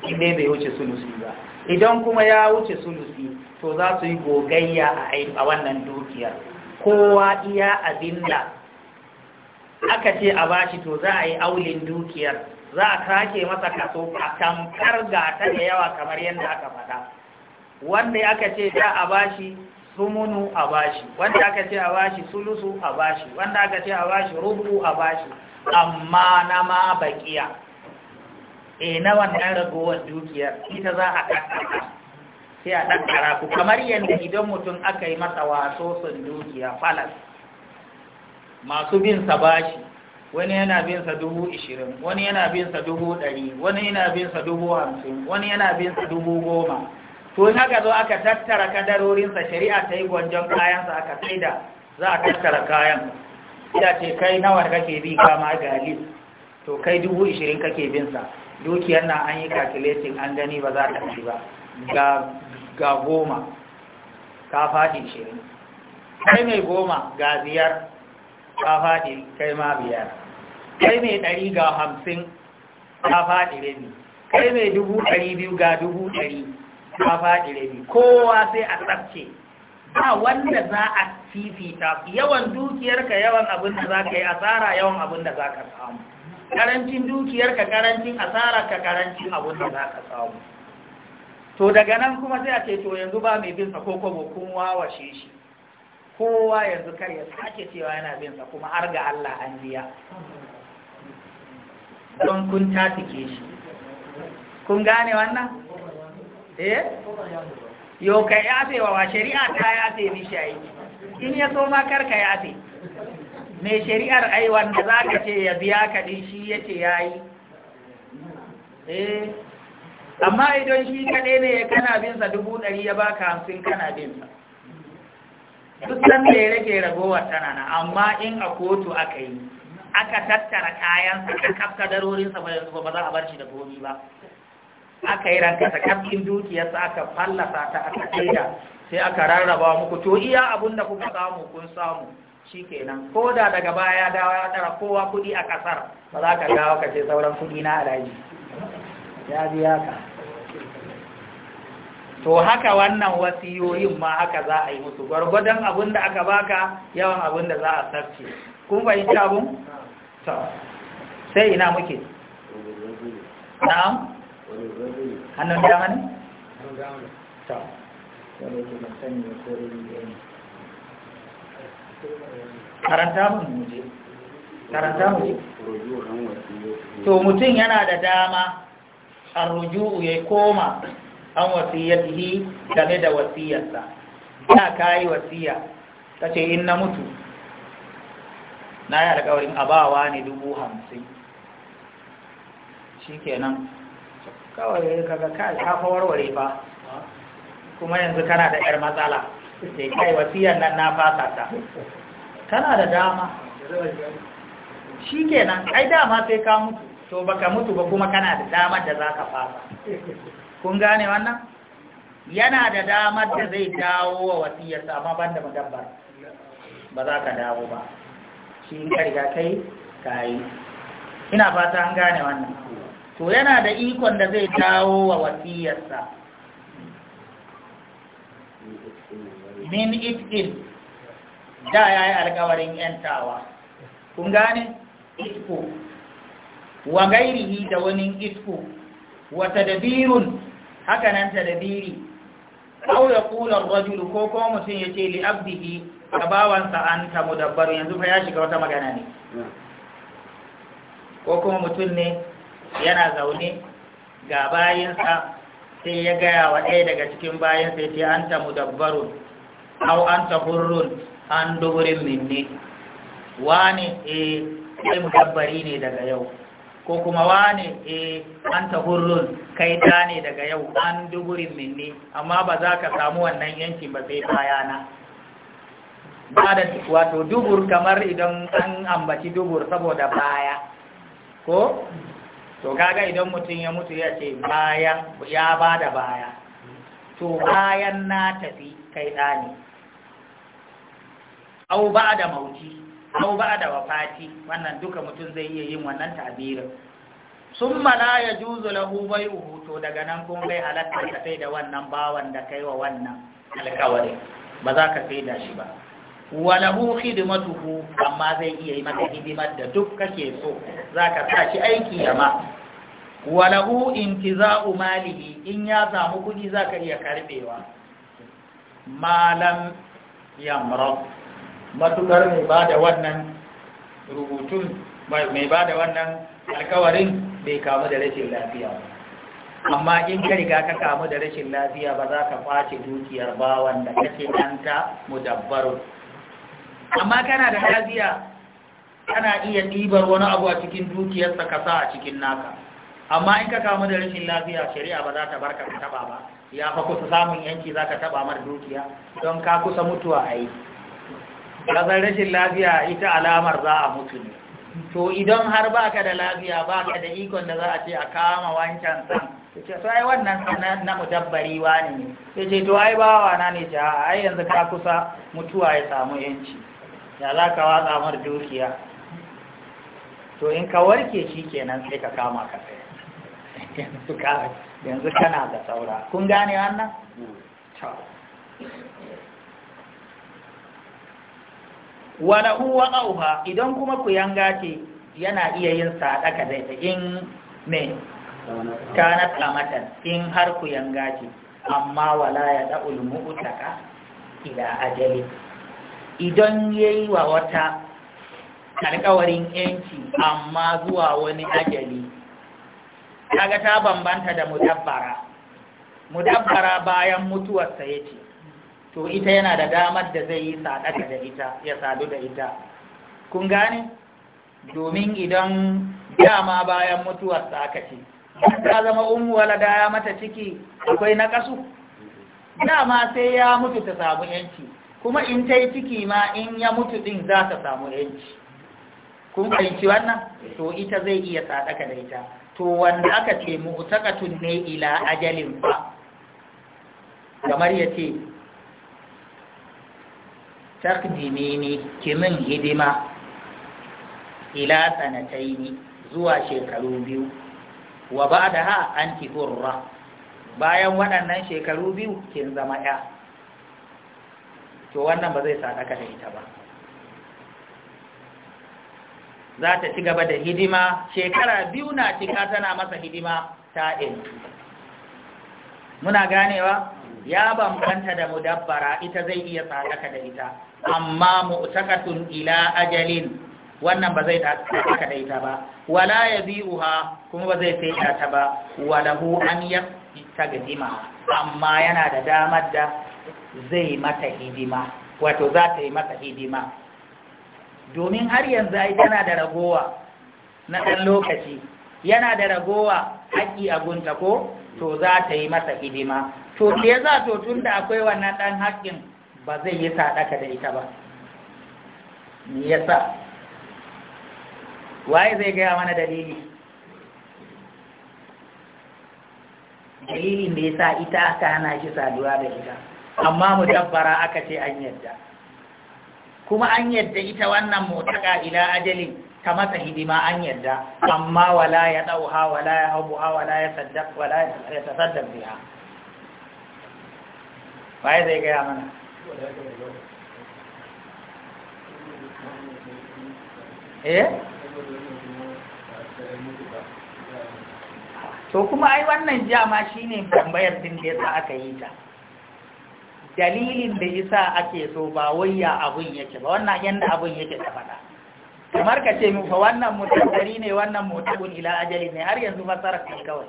inda bai wuce sulusi ba idan kuma ya wuce sulusi to za su yi gogayya a wannan dukiyar kowa iya abin da aka ce a bashi to za a yi aulin dukiyar za a sake masa kaso a tamkar gata da yawa kamar yadda aka faɗa wanda aka ce za a bashi sumunu a bashi wanda aka ce a bashi sulusu a bashi wanda aka ce a bashi rubu a bashi amma na ma bakiya e na wannan ragowar dukiyar ita za a kakkara sai a ɗaɗɗara ku kamar yadda idan mutum aka yi masa waso sun dukiya falas masu bin sa bashi wani yana bin sa dubu ishirin wani yana bin sa dubu ɗari wani yana bin sa dubu hamsin wani yana bin sa dubu goma to na aka zo aka tattara kadarorinsa shari'a ta yi gwanjon kayansa aka sai da za a tattara kayan ya ce kai nawa kake bi kama gali to kai dubu ishirin kake binsa dukiyar na an yi calculating an gani ba za ta ci ba ga goma ka faɗi ishirin kai mai goma ga biyar ka faɗi kai ma biyar kai mai ɗari ga hamsin ka faɗi rabi kai mai dubu ɗari biyu ga dubu ɗari ta faɗi rabi kowa sai a tsabce ba wanda za a fifita yawan dukiyarka yawan abin da za ka yi asara yawan abin da za ka samu karancin dukiyarka karancin ka karancin abin da za ka samu to daga nan kuma sai a ce to yanzu ba mai binsa ko kuma kun wawashe shi kowa yanzu kar ya sake cewa yana sa kuma har ga Allah an biya don kun tatike shi kun gane wannan E? Eh? yau ka yafe wa Wa shari'a ta yafe mishi in ya so ma karka yafe mai shari'ar ai wanda za ka ce ya biya kaɗi shi ya ce ya yi eh amma idan shi kaɗai ne ya kana binsa dubu ɗari ya baka hamsin kana binsa duk san da ya rage ragowar tana na amma in a kotu aka yi aka tattara kayansa aka kafka darorinsa ba ba za a bar shi da komi ba aka yi rankata kafin dukiyarsa aka fallasa ta aka tsaida sai aka rarraba muku to iya abun da kuka samu kun samu kenan ko da daga baya ya dawo ya tsara kowa kudi a ƙasar. ba za ka dawo ka ce sauran kudi na alaji ya biya ka to haka wannan wasiyoyin ma haka za a yi musu gwargwadon abin da aka baka yawan abin da za a sarce kun fahimci abun? sai ina muke na'am hannun dama ne? karanta mu je? karanta mu muje to mutum yana da dama an ruju'u ya koma an wasiyyatihi game da wasiyarsa ya kayi wasiya ta ce in na mutu na yi alkawarin abawa ne dubu hamsin shi kenan kawai kaga kai ka fa warware fa kuma yanzu kana da yar matsala sai kai wasiyar nan na fasa ta kana da dama shikenan ai dama sai ka mutu to baka mutu ba kuma kana da damar da zaka fasa kun gane wannan yana da damar da zai dawo wa wasiyarsa amma banda madabbar ba za ka dawo ba shi in ka kai kai ka yi ina fata an gane wannan to yana da ikon da zai dawo wa wasiyarsa min itin da ya yi alkawarin yantawa kun gane itko wa gairihi da wani itko wa tadabirun hakanan tadabiri au ya kula rajulu ko kuma mutum ya ce li'abdihi ga bawansa an ta dabbaru yanzu fa ya shiga wata magana ne ko kuma mutum ne yana zaune ga bayinsa sai ya gaya wa ɗaya daga cikin bayinsa ya ce an ta mudabbarun au an ta hurrun an duburin minni wane e kai mudabbari ne daga yau ko kuma wane e eh, an ta hurrun kai ta ne daga yau an duburin minni amma ba za ka samu wannan yanki ba sai bayana ba da wato dubur kamar idan an ambaci dubur saboda baya ko to kaga idan mutum ya mutu ya ce bayan ya ba da baya to bayan na tafi kai ɗani au ba da mauti au ba da wafati wannan duka mutum zai iya yin wannan tabirin sun mala ya juzu lahu bai to daga nan kun bai halatta ka sai da wannan bawan da kai wa wannan alkawarin ba za ka sai da shi ba walahu khidmatuhu amma zai iya yi maka hidimar da duk kake so zaka sa shi aiki ya ma walahu intiza'u malihi in ya samu kudi zaka iya karbewa malam yamra matukar mai bada wannan rubutun mai bada wannan alkawarin bai kamu da rashin lafiya amma in ka riga ka kamu da rashin lafiya ba za ka kwace dukiyar bawan da kake ɗanta dabbaru. amma kana da haziya kana iya ɗibar wani abu a cikin dukiyarsa ka sa a cikin naka amma in ka kamu da rashin lafiya shari'a ba za ta barka ka taba ba ya fa kusa samun yanki za ka taba mar dukiya don ka kusa mutuwa a yi ƙasar rashin lafiya ita alamar za a mutu ne to idan har ba ka da lafiya ba ka da ikon da za a ce a kama wancan san ta ce sai wannan na mudabbari wani ne ta ce to ai bawa na ne ta ai yanzu ka kusa mutuwa ya samu yanci ya alaka watsa mar dukiya to in ka warke shi kenan sai ka kama ka yanzu kana da saura kun gane wannan? wala huwa auha idan kuma ku yanga ce yana iya yin sadaka da ta in me kana tsamatan, in har ku yanga ce amma wala ya da'ul ulmuutaka ila ajali idan ya yi wa wata alkawarin yanci amma zuwa wani ajali daga ta bambanta da mudabbara mudabbara bayan mutuwarsa ya ce to ita yana da damar da zai yi sadaka da ita ya sadu da ita kun gane domin idan dama bayan mutuwarsa aka ce ta zama umuwala da ya mata ciki akwai na kasu dama sai ya mutu ta samu yanci kuma in ta yi ciki ma in ya mutu din za ta samu yanci kun fahimci wannan to ita zai iya sadaka da ita to wanda aka ce mu'takatun ne ila ajalin fa kamar ya ce takdimi ne kimin hidima ila sanataini zuwa shekaru biyu wa ba da ha an hurra bayan waɗannan shekaru biyu kin zama ya to wannan ba zai sadaka da ita ba za ta ci gaba da hidima shekara biyu na cika tana masa hidima ta ɗinki muna ganewa ya bambanta da mudabbara ita zai iya sadaka da ita amma mu'takatun ila ajalin wannan ba zai sadaka da ita ba wala ya uha kuma ba zai sai ta ba hu an ta gadima amma yana da damar da zai mata hidima wato za ta yi mata hidima domin har yanzu ai tana da ragowa na ɗan lokaci yana da ragowa haƙƙi a gunta ko to za ta yi masa hidima to ya za to tun da akwai wannan ɗan haƙƙin ba zai yi saɗaka da ita ba me sa? waye zai gaya mana dalili dalilin da ya sa ita aka hana shi saduwa da ita amma mu dabbara aka ce an yadda kuma an yadda ita wannan mutaka ila ajali ta masa hidima an yadda amma wala ya dauha wala ya habuha wala ya saddaq wala ya tasaddaq biha bai zai gaya mana eh to kuma ai wannan jama shine tambayar din da yasa aka yi ta dalilin da isa ake so ba wayya abun yake ba wannan yanda abun yake ta fada kamar ka ce mu fa wannan mudabbari ne wannan mutabun ila ajali ne har yanzu fasarar kai kawai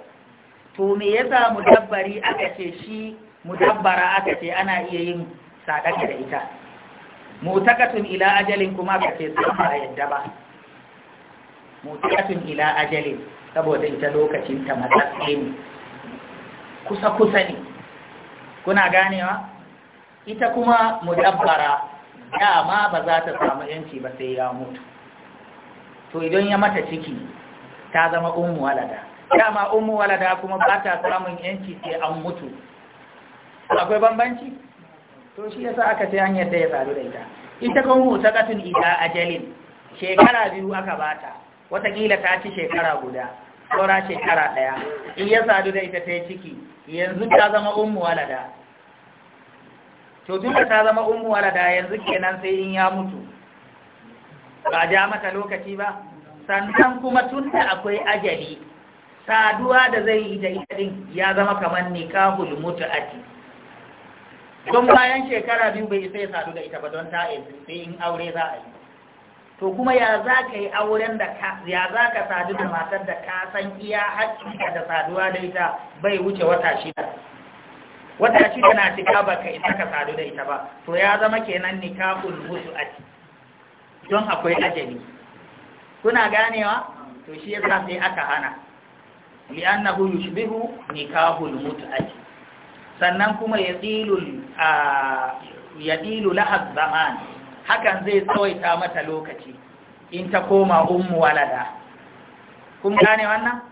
to me yasa mudabbari aka ce shi mudabbara aka ce ana iya yin sadaka da ita mutakatun ila ajalin kuma ka ce sun ba yadda ba mutakatun ila ajalin saboda ita lokacin ta matsatsi ne kusa kusa ne kuna ganewa ita kuma mudabbara dama ba za ta samu yanci ba sai ya mutu to idan ya mata ciki ta zama ummu walada dama ummu walada kuma ba ta samun yanci sai an mutu akwai bambanci to shi yasa aka ce hanyar yadda ya faru da ita ita kuma ita ila ajalin shekara biyu aka bata watakila ta ci shekara guda saura shekara ɗaya. in ya sadu da ita ta ciki yanzu ta zama ummu walada to tun ta zama ummu walada yanzu kenan sai in ya mutu ba ja mata lokaci ba sannan kuma tun da akwai ajali saduwa da zai yi da ita din ya zama kamar nikahul mutu'ati don bayan shekara biyu bai sai sadu da ita ba don ta sai in aure za a yi to kuma ya za ka yi auren da ka ya za ka sadu da matar da ka san iya haƙƙinka da saduwa da ita bai wuce wata shida wata shida na cika ba ka isa ka sadu da ita ba to ya zama kenan nikahul wusu'ati don akwai ajali kuna ganewa to shi yasa sai aka hana annahu yushbihu nikahul mut'ati sannan kuma yadilul yadilu lahaz zaman hakan zai tsawaita mata lokaci in ta koma ummu walada kun gane wannan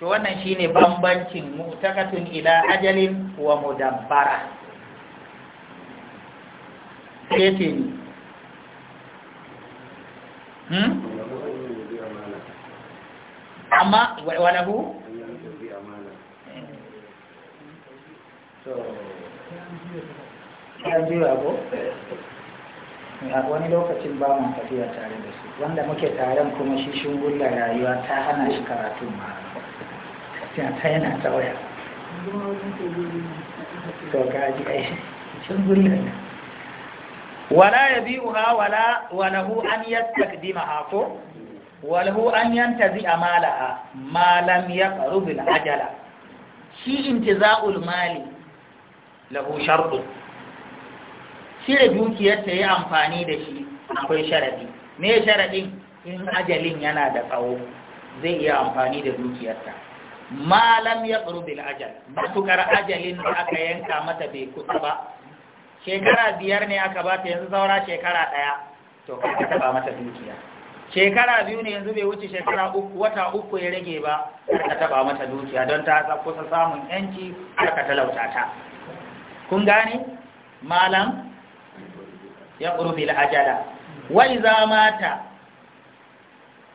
to wannan shine bambancin mu'takatun ila ajalin wa mudabbara yace ni hmm amma wa hu so ya jira ko a wani lokacin ba mu tafiya tare da su wanda muke tare kuma shi shingulla rayuwa ta hana shi karatun ma jata yana ta waya to hu ai cin gullun wala yabi'uha wala walahu an yastaqdimaha ko walahu an yantazi amalaha ma lam yaqrub al ajala shi intiza'ul mali lahu shartu shire dukiyar ta yi amfani da shi akwai sharadi me sharadin in ajalin yana da tsawo zai iya amfani da dukiyarta malam ya tsaro bil ajal matukar ajalin da aka yanka mata bai kusa ba shekara biyar ne aka ba ta yanzu saura shekara ɗaya to ka taɓa mata dukiya shekara biyu ne yanzu bai wuce shekara uku wata uku ya rage ba ka taɓa mata dukiya don ta kusa samun yanci ka talauta ta kun gane malam ya tsaro bil ajala wai za mata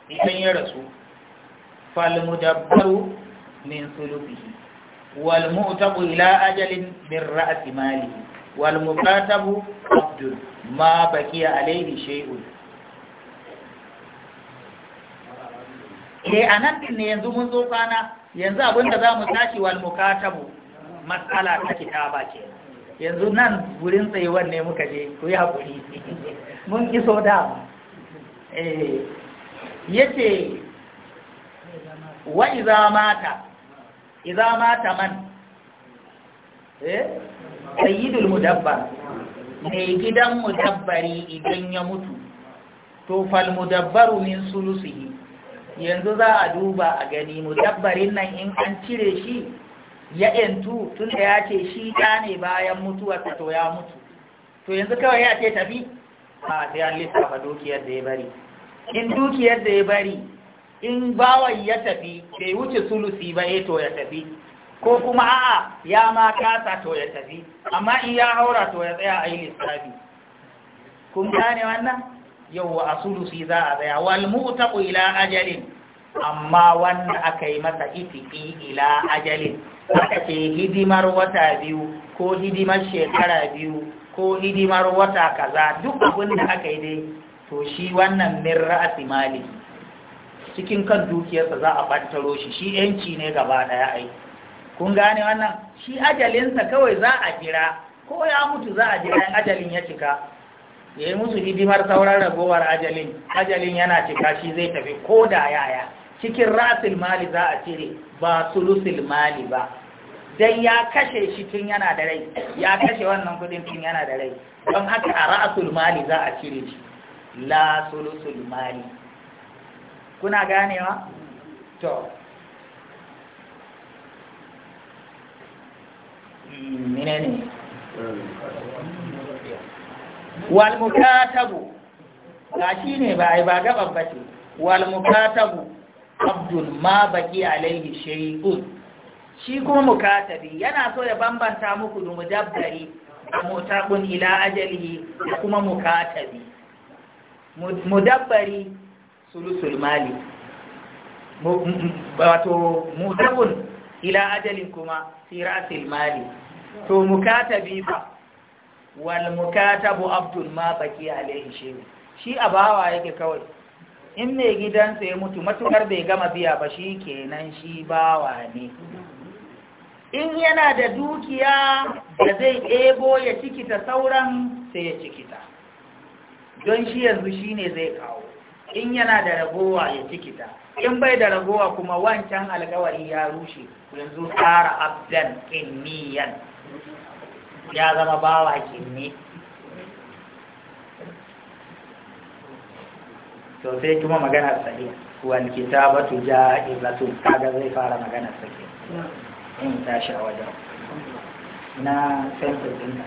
idan ya rasu Falmu falmudabbaru min sulufihi wal mu'tabu ila ajalin min ra'si malihi wal mukatabu abdun ma baqiya alayhi shay'un eh anan din ne yanzu mun zo kana yanzu abinda zamu tashi wal mukatabu matsala ta kitaba ce yanzu nan wurin tsayuwar ne muka je ku yi haƙuri mun iso da eh yace wa iza mata idza mata man eh sayyidul mudabbar mai gidan mudabbari idan ya mutu to fal mudabbaru min sulusihi yanzu za a duba a gani mudabbarin nan in an cire shi ya yantu tun da ya ce shi ɗa ne bayan mutuwarsa to ya mutu to yanzu kawai ya ce tafi a sai an lissafa dukiyar da ya bari in dukiyar da ya bari in bawan ya tafi bai wuce sulusi ba ya eh, to ya tafi ko kuma a'a ya ma kasa to ya tafi amma in ya haura to ya tsaya a yi lissafi kun gane wannan yau a sulusi za a tsaya wal mu'taqu ila ajalin amma wanda aka yi masa itiki ila ajalin aka ce hidimar wata biyu ko hidimar shekara biyu ko hidimar wata kaza duk abin da aka yi dai to shi wannan min ra'asi maliki cikin kan dukiyarsa za a ɓantaro shi shi yanci ne gaba ɗaya ai kun gane wannan shi ajalinsa kawai za a jira ko ya mutu za a jira in ajalin ya cika ya yi musu hidimar sauran ragowar ajalin ajalin yana cika shi zai tafi ko da yaya cikin rasul mali za a cire ba sulusil mali ba dan ya kashe shi tun yana da rai ya kashe wannan kudin tun yana da rai don haka a ra'asul mali za a cire shi la sulusul mali kuna ganewa to hmm, menene wal mukatabu shi ne ba ai ba gaban bace wal mukatabu abdul ma baki alaihi shay'un shi kuma mukatabi yana so ya bambanta muku da mudabbari mutaqun ila ajalihi kuma mukatabi mudabbari sulusul mali mm, mm, wato mutabun ila ajalin kuma Sira a mali to mukatabi ba wal mukatabu abdul ma baki alaihi shi shi abawa yake kawai in mai gidansa ya mutu matukar bai gama biya ba shi kenan shi bawa ne in yana da dukiya da zai ɗebo ya cikita sauran sai ya cikita don shi yanzu shi ne zai kawo in yana da ragowa ya cikita in bai da ragowa kuma wancan alkawari ya rushe yanzu tsara abdan kimiyyan ya zama bawa kimmi to sai kuma maganar sahiya wal kitabatu ja'izatu kaga zai fara maganar sahiya in ta sha wajen na sentence din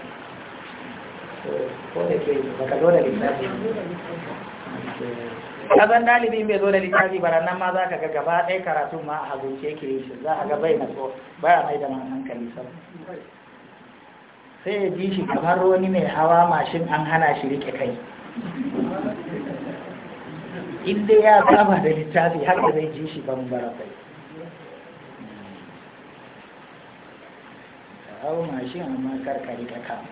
ko da ke baka zo da lissafi kazan dalibi mai zo da littafi ba nan ma za ka ga gaba ɗaya karatun ma a hagunce ke yi shi za a ga bai natso baya mai da man hankali sau sai ya ji shi kamar wani mai hawa mashin an hana shi rike kai inda ya saba da littafi haka zai ji shi ban barafai hawa mashin amma karkari ka kama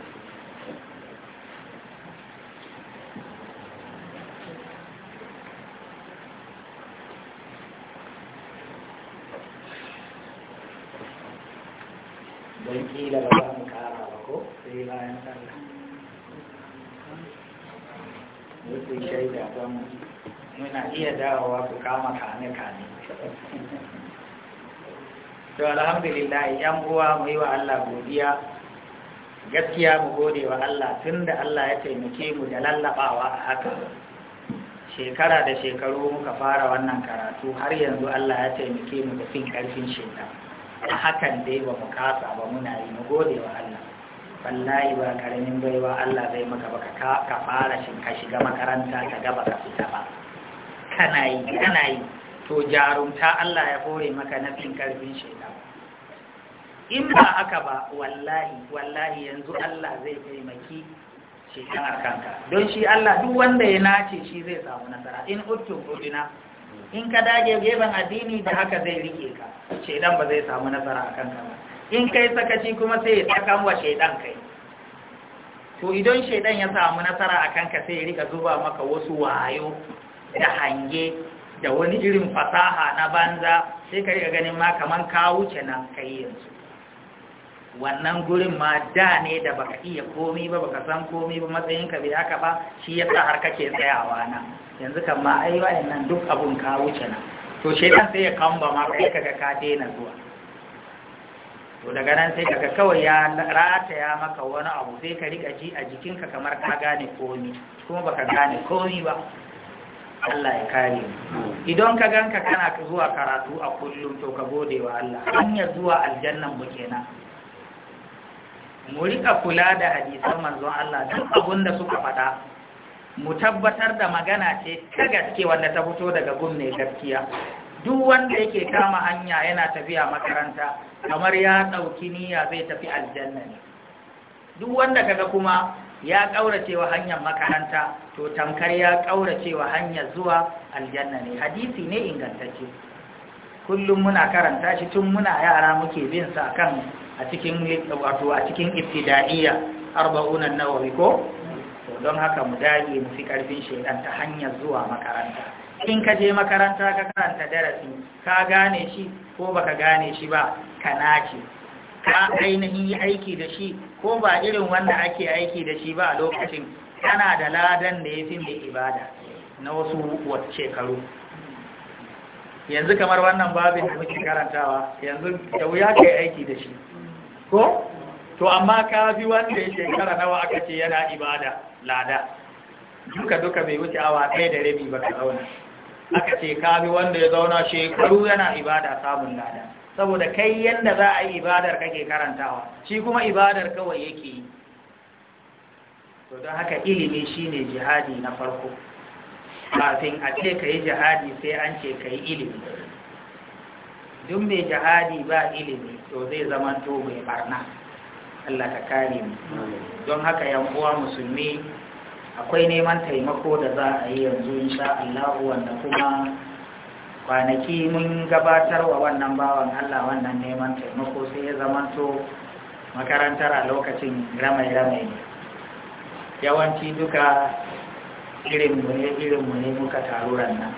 don kila ba za mu kara ba ko sai bayan sallah mutu shaida don muna iya dawowa ku kama kane-kane to alhamdulillah yan uwa mu yi wa Allah godiya gaskiya mu gode wa Allah tunda Allah ya taimake mu da lallabawa a haka shekara da shekaru muka fara wannan karatu har yanzu Allah ya taimake mu da fin karfin shekara a hakan dai ba mu kasa ba muna yi mu gode wa Allah wallahi ba karamin baiwa Allah zai maka ba ka fara shi ka shiga makaranta ka gaba ka fita ba kana yi kana yi to jarumta Allah ya hore maka nafin karfin shaida in ba haka ba wallahi wallahi yanzu Allah zai taimaki shekarar kanka don shi Allah duk wanda ya nace shi zai samu nasara in uttum udina in ka dage gefen addini da haka zai rike ka shaidan ba zai samu nasara a kanka ba in kai sakaci kuma sai ya sakan wa shaidan kai to idan shaidan ya samu nasara a kanka sai ya rika zuba maka wasu wayo da hange da wani irin fasaha na banza sai ka rika ganin ma kaman ka wuce nan kai yanzu wannan gurin ma da ne da baka iya komi ba baka san komi ba matsayinka bai haka ba shi ya sa har kake tsayawa na yanzu kan ma ai wa'annan duk abun ka wuce na to shaitan sai ya kamba ma kai kaga ka daina zuwa to daga nan sai kaga kawai ya rataya maka wani abu sai ka rika ji a jikinka kamar ka gane komi kuma baka gane komi ba Allah ya kare idan ka ganka kana zuwa karatu a kullum to ka gode wa Allah hanyar zuwa aljannan mu kenan mu riƙa kula da hadisan manzon Allah duk abun da suka faɗa mu tabbatar da magana ce ta gaske wanda ta fito daga gunne gaskiya duk wanda yake kama hanya yana tafiya makaranta kamar ya ɗauki niyya zai tafi aljanna ne duk wanda kaga kuma ya ƙauracewa hanyar makaranta to tamkar ya ƙauracewa hanyar zuwa aljanna ne hadisi ne ingantacce kullum muna karanta shi tun muna yara muke bin sa kan a cikin wato a cikin ibtida'iyya arba'una nawawi ko don haka mu dage mu fi karfin shedan ta hanyar zuwa makaranta in ka je makaranta ka karanta darasi ka gane shi ko baka gane shi ba ka nace ka ainihin yi aiki da shi ko ba irin wanda ake aiki da shi ba a lokacin ana da ladan da ya fi mai ibada na wasu wata shekaru yanzu kamar wannan babin da muke karantawa yanzu da wuya ka aiki da shi ko to amma ka bi wanda ya shekara nawa aka ce yana ibada lada duka duka bai wuce awa ɗaya da rabi ba ka zauna aka ce ka bi wanda ya zauna shekaru yana ibada samun lada saboda kai yanda za a yi ibadar kake karantawa shi kuma ibadar kawai yake yi to don haka ilimi shine jihadi na farko kafin a ce ka yi jihadi sai an ce ka yi ilimi duk mai jihadi ba ilimi to zai zama to mai barna Allah ka kare mu don haka yan uwa musulmi akwai neman taimako da za a yi yanzu insha Allah wanda kuma kwanaki mun gabatar wa wannan bawan Allah wannan neman taimako sai ya zama to makarantar a lokacin ramai-ramai yawanci duka irin mu ne irin mu ne muka ran nan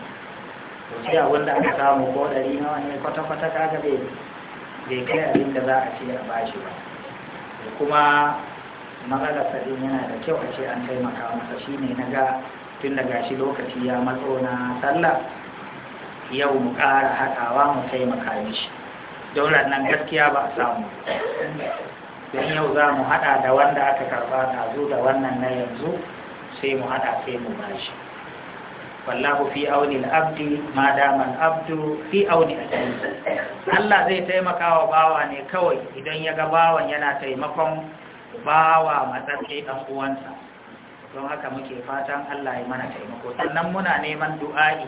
sai wanda aka samu ko ɗari na wani kwata-kwata kaga bai bai kai abin da za a ce a bashi ba kuma matsalar sadin yana da kyau a ce an taimaka masa ne na ga tun daga shi lokaci ya matso na sallah yau mu ƙara haɗawa mu taimaka mishi daular nan gaskiya ba a samu don yau za mu haɗa da wanda aka karɓa zo da wannan na yanzu sai mu haɗa sai mu bashi wallahu fi auni al-abdi ma dama al-abdu fi auni Allah zai taimaka wa bawa ne kawai idan yaga ga bawan yana taimakon bawa matsatsi dan uwansa don haka muke fatan Allah ya mana taimako sannan muna neman du'a'i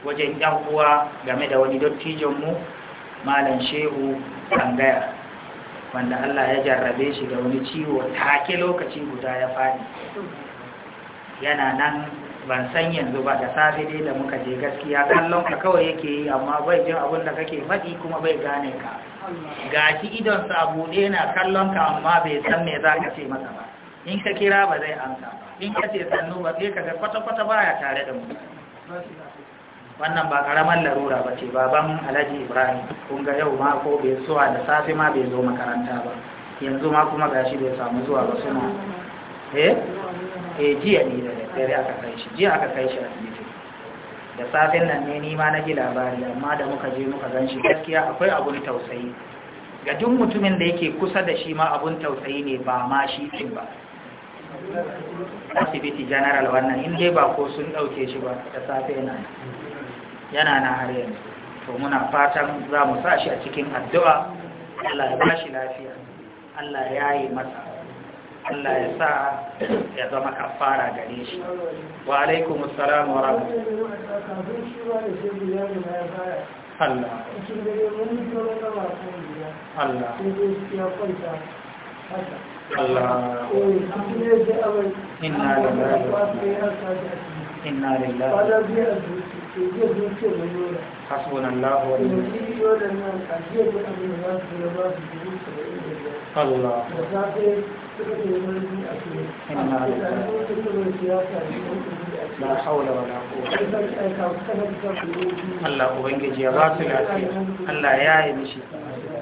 wajen yan uwa game da wani dottijon mu malam shehu tangaya wanda Allah ya jarrabe shi da wani ciwo take lokaci guda ya fadi yana nan ban san yanzu ba da safe dai da muka je gaskiya kallon ka kawai yake yi amma bai jin abin da kake faɗi kuma bai gane ka gashi idon sa buɗe na kallon ka amma bai san me za ka ce masa ba in ka kira ba zai amsa in ka ce sannu ba sai ka ga kwata-kwata baya tare da mu wannan ba karaman larura ba ce baban alhaji ibrahim kun ga yau ma ko bai zuwa da safe ma bai zo makaranta ba yanzu ma kuma gashi bai samu zuwa ba suna eh eh jiya ne da dare aka kai shi jiya aka kai shi asibiti da safen nan ne nima na ji labari amma da muka je muka gan shi gaskiya akwai abun tausayi ga duk mutumin da yake kusa da shi ma abun tausayi ne ba ma shi din ba asibiti general wannan in dai ba ko sun ɗauke shi ba da safe na yana na har yanzu to muna fatan za mu sa shi a cikin addu'a Allah ya ba lafiya Allah ya yi masa Allah ya sa ya zama kafara gare shi wa alaikum assalam wa rahmatullahi Allah Allah Allah inna lillahi inna lillahi hasbunallahu Allah Allah ubangiji ya ba su lafiya Allah ya yi mishi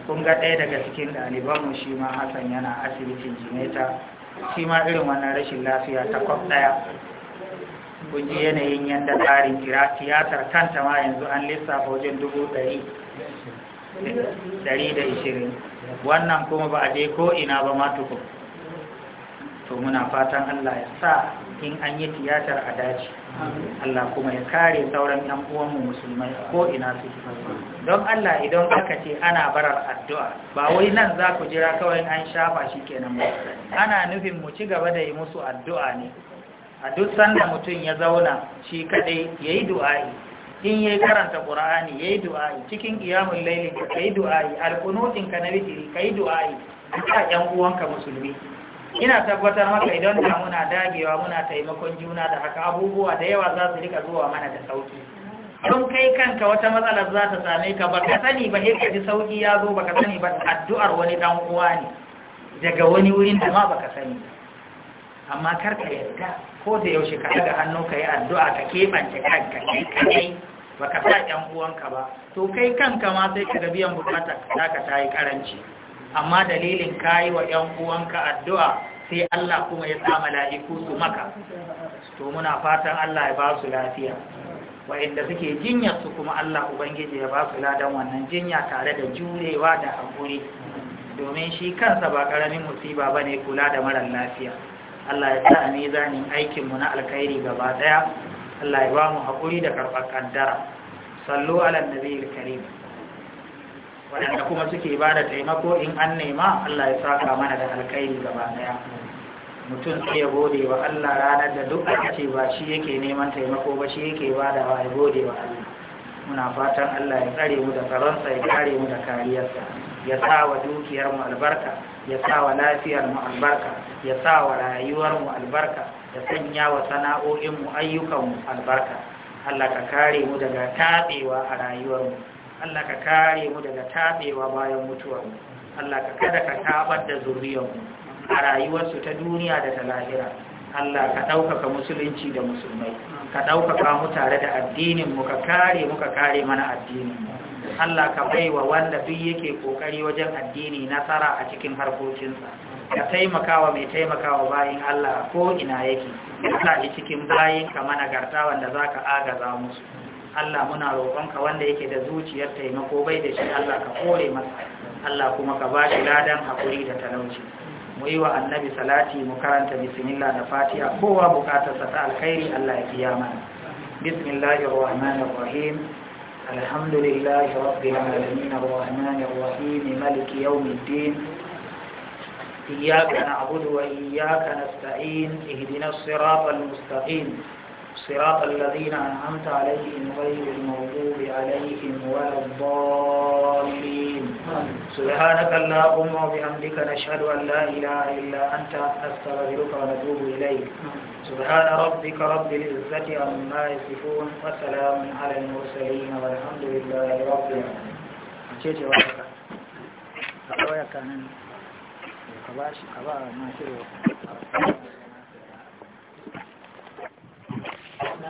kun ga ɗaya daga cikin ɗalibanmu shi ma Hassan yana asibitin Jimeta shi ma irin wannan rashin lafiya ta kwaf ɗaya kun ji yanayin yadda tsarin kira tiyatar kanta ma yanzu an lissafa wajen dubu dari da ishirin wannan kuma ba a je ko ina ba ma to muna fatan Allah ya sa in an yi tiyatar a daji Allah kuma ya kare sauran 'yan uwanmu musulmai ko ina su don Allah idan aka ce ana barar addu'a ba wai nan za ku jira kawai an shafa shi kenan ba ana nufin mu ci gaba da yi musu addu'a ne a duk sanda mutum ya zauna shi kadai yayi du'a'i in yayi karanta ƙur'ani, yayi du'a'i cikin iyamun lailin ka yi du'a'i alqunutin ka na witri ka yi du'a'i ka yan uwanka musulmi ina tabbatar maka idan da muna dagewa muna taimakon juna da haka abubuwa da yawa za su rika zuwa mana da sauki don kai kanka wata matsalar za ta same ka ba ka sani ba ya ka ji sauki ya zo ba ka sani ba addu'ar wani dan uwa ne daga wani wurin da ma ba ka sani amma kar ka yarda ko da yaushe ka daga hannu ka yi addu'a ka kebance kanka kai kai ka sa 'yan uwanka ba to kai kanka ma sai ka biyan biyan za ka ta yi karanci amma dalilin ka yi wa ‘yan uwanka addu'a sai Allah kuma ya sa mala'iku su maka, to muna fatan Allah ya ba su lafiya, wa'inda suke jinyar su kuma Allah Ubangiji ya ba su ladan wannan jinya tare da jurewa da haƙuri, domin shi kansa ba ƙaramin musiba ba ne kula da marar lafiya. Allah ya sa ne aikin mu na alkhairi gaba daya Allah ya ba mu hakuri da karfan kaddara sallu ala nabi karim waɗanda kuma suke ba da taimako in an nema Allah ya saka mana da alkhairi gaba daya mutum sai ya gode wa Allah ranar da duk aka ce ba shi yake neman taimako ba shi yake bada wa ya gode wa Allah muna fatan Allah ya tsare mu da tsaronsa ya kare mu da kariyarsa ya sa wa dukiyar mu albarka ya sa wa lafiyar albarka ya sa wa rayuwarmu albarka ya sanya wa sana'o'in mu ayyukan mu albarka Allah ka kare mu daga tabewa a rayuwarmu, mu Allah ka kare mu daga tabewa bayan mutuwarmu mu Allah ka kada ka tabar da zuriyar a rayuwarsu ta duniya da ta lahira Allah ka ɗaukaka musulunci da musulmai ka ɗaukaka mu tare da addinin mu ka kare mu ka kare mana addinin Allah ka baiwa wanda duk yake kokari wajen addini nasara a cikin harkokinsa ka taimakawa mai taimakawa bayin Allah ko ina yake ka yi cikin bayin ka garta wanda za ka agaza musu Allah muna roƙonka wanda yake da zuciyar taimako bai da shi Allah ka kore masa Allah kuma ka ba shi ladan haƙuri da talauci mu annabi salati mu karanta bismillah da fatiha kowa sa ta alkhairi Allah ya kiyama mana bismillahir rahmanir rahim alhamdulillahi rabbil alamin arrahmanir rahim maliki yawmiddin iyyaka na'budu wa iyyaka nasta'in ihdinas siratal mustaqim صراط الذين أنعمت عليهم غير المغضوب عليهم ولا الضالين سبحانك اللهم وبحمدك نشهد أن لا إله إلا أنت أستغفرك ونتوب إليك سبحان ربك رب العزة عما يصفون وسلام على المرسلين والحمد لله رب العالمين.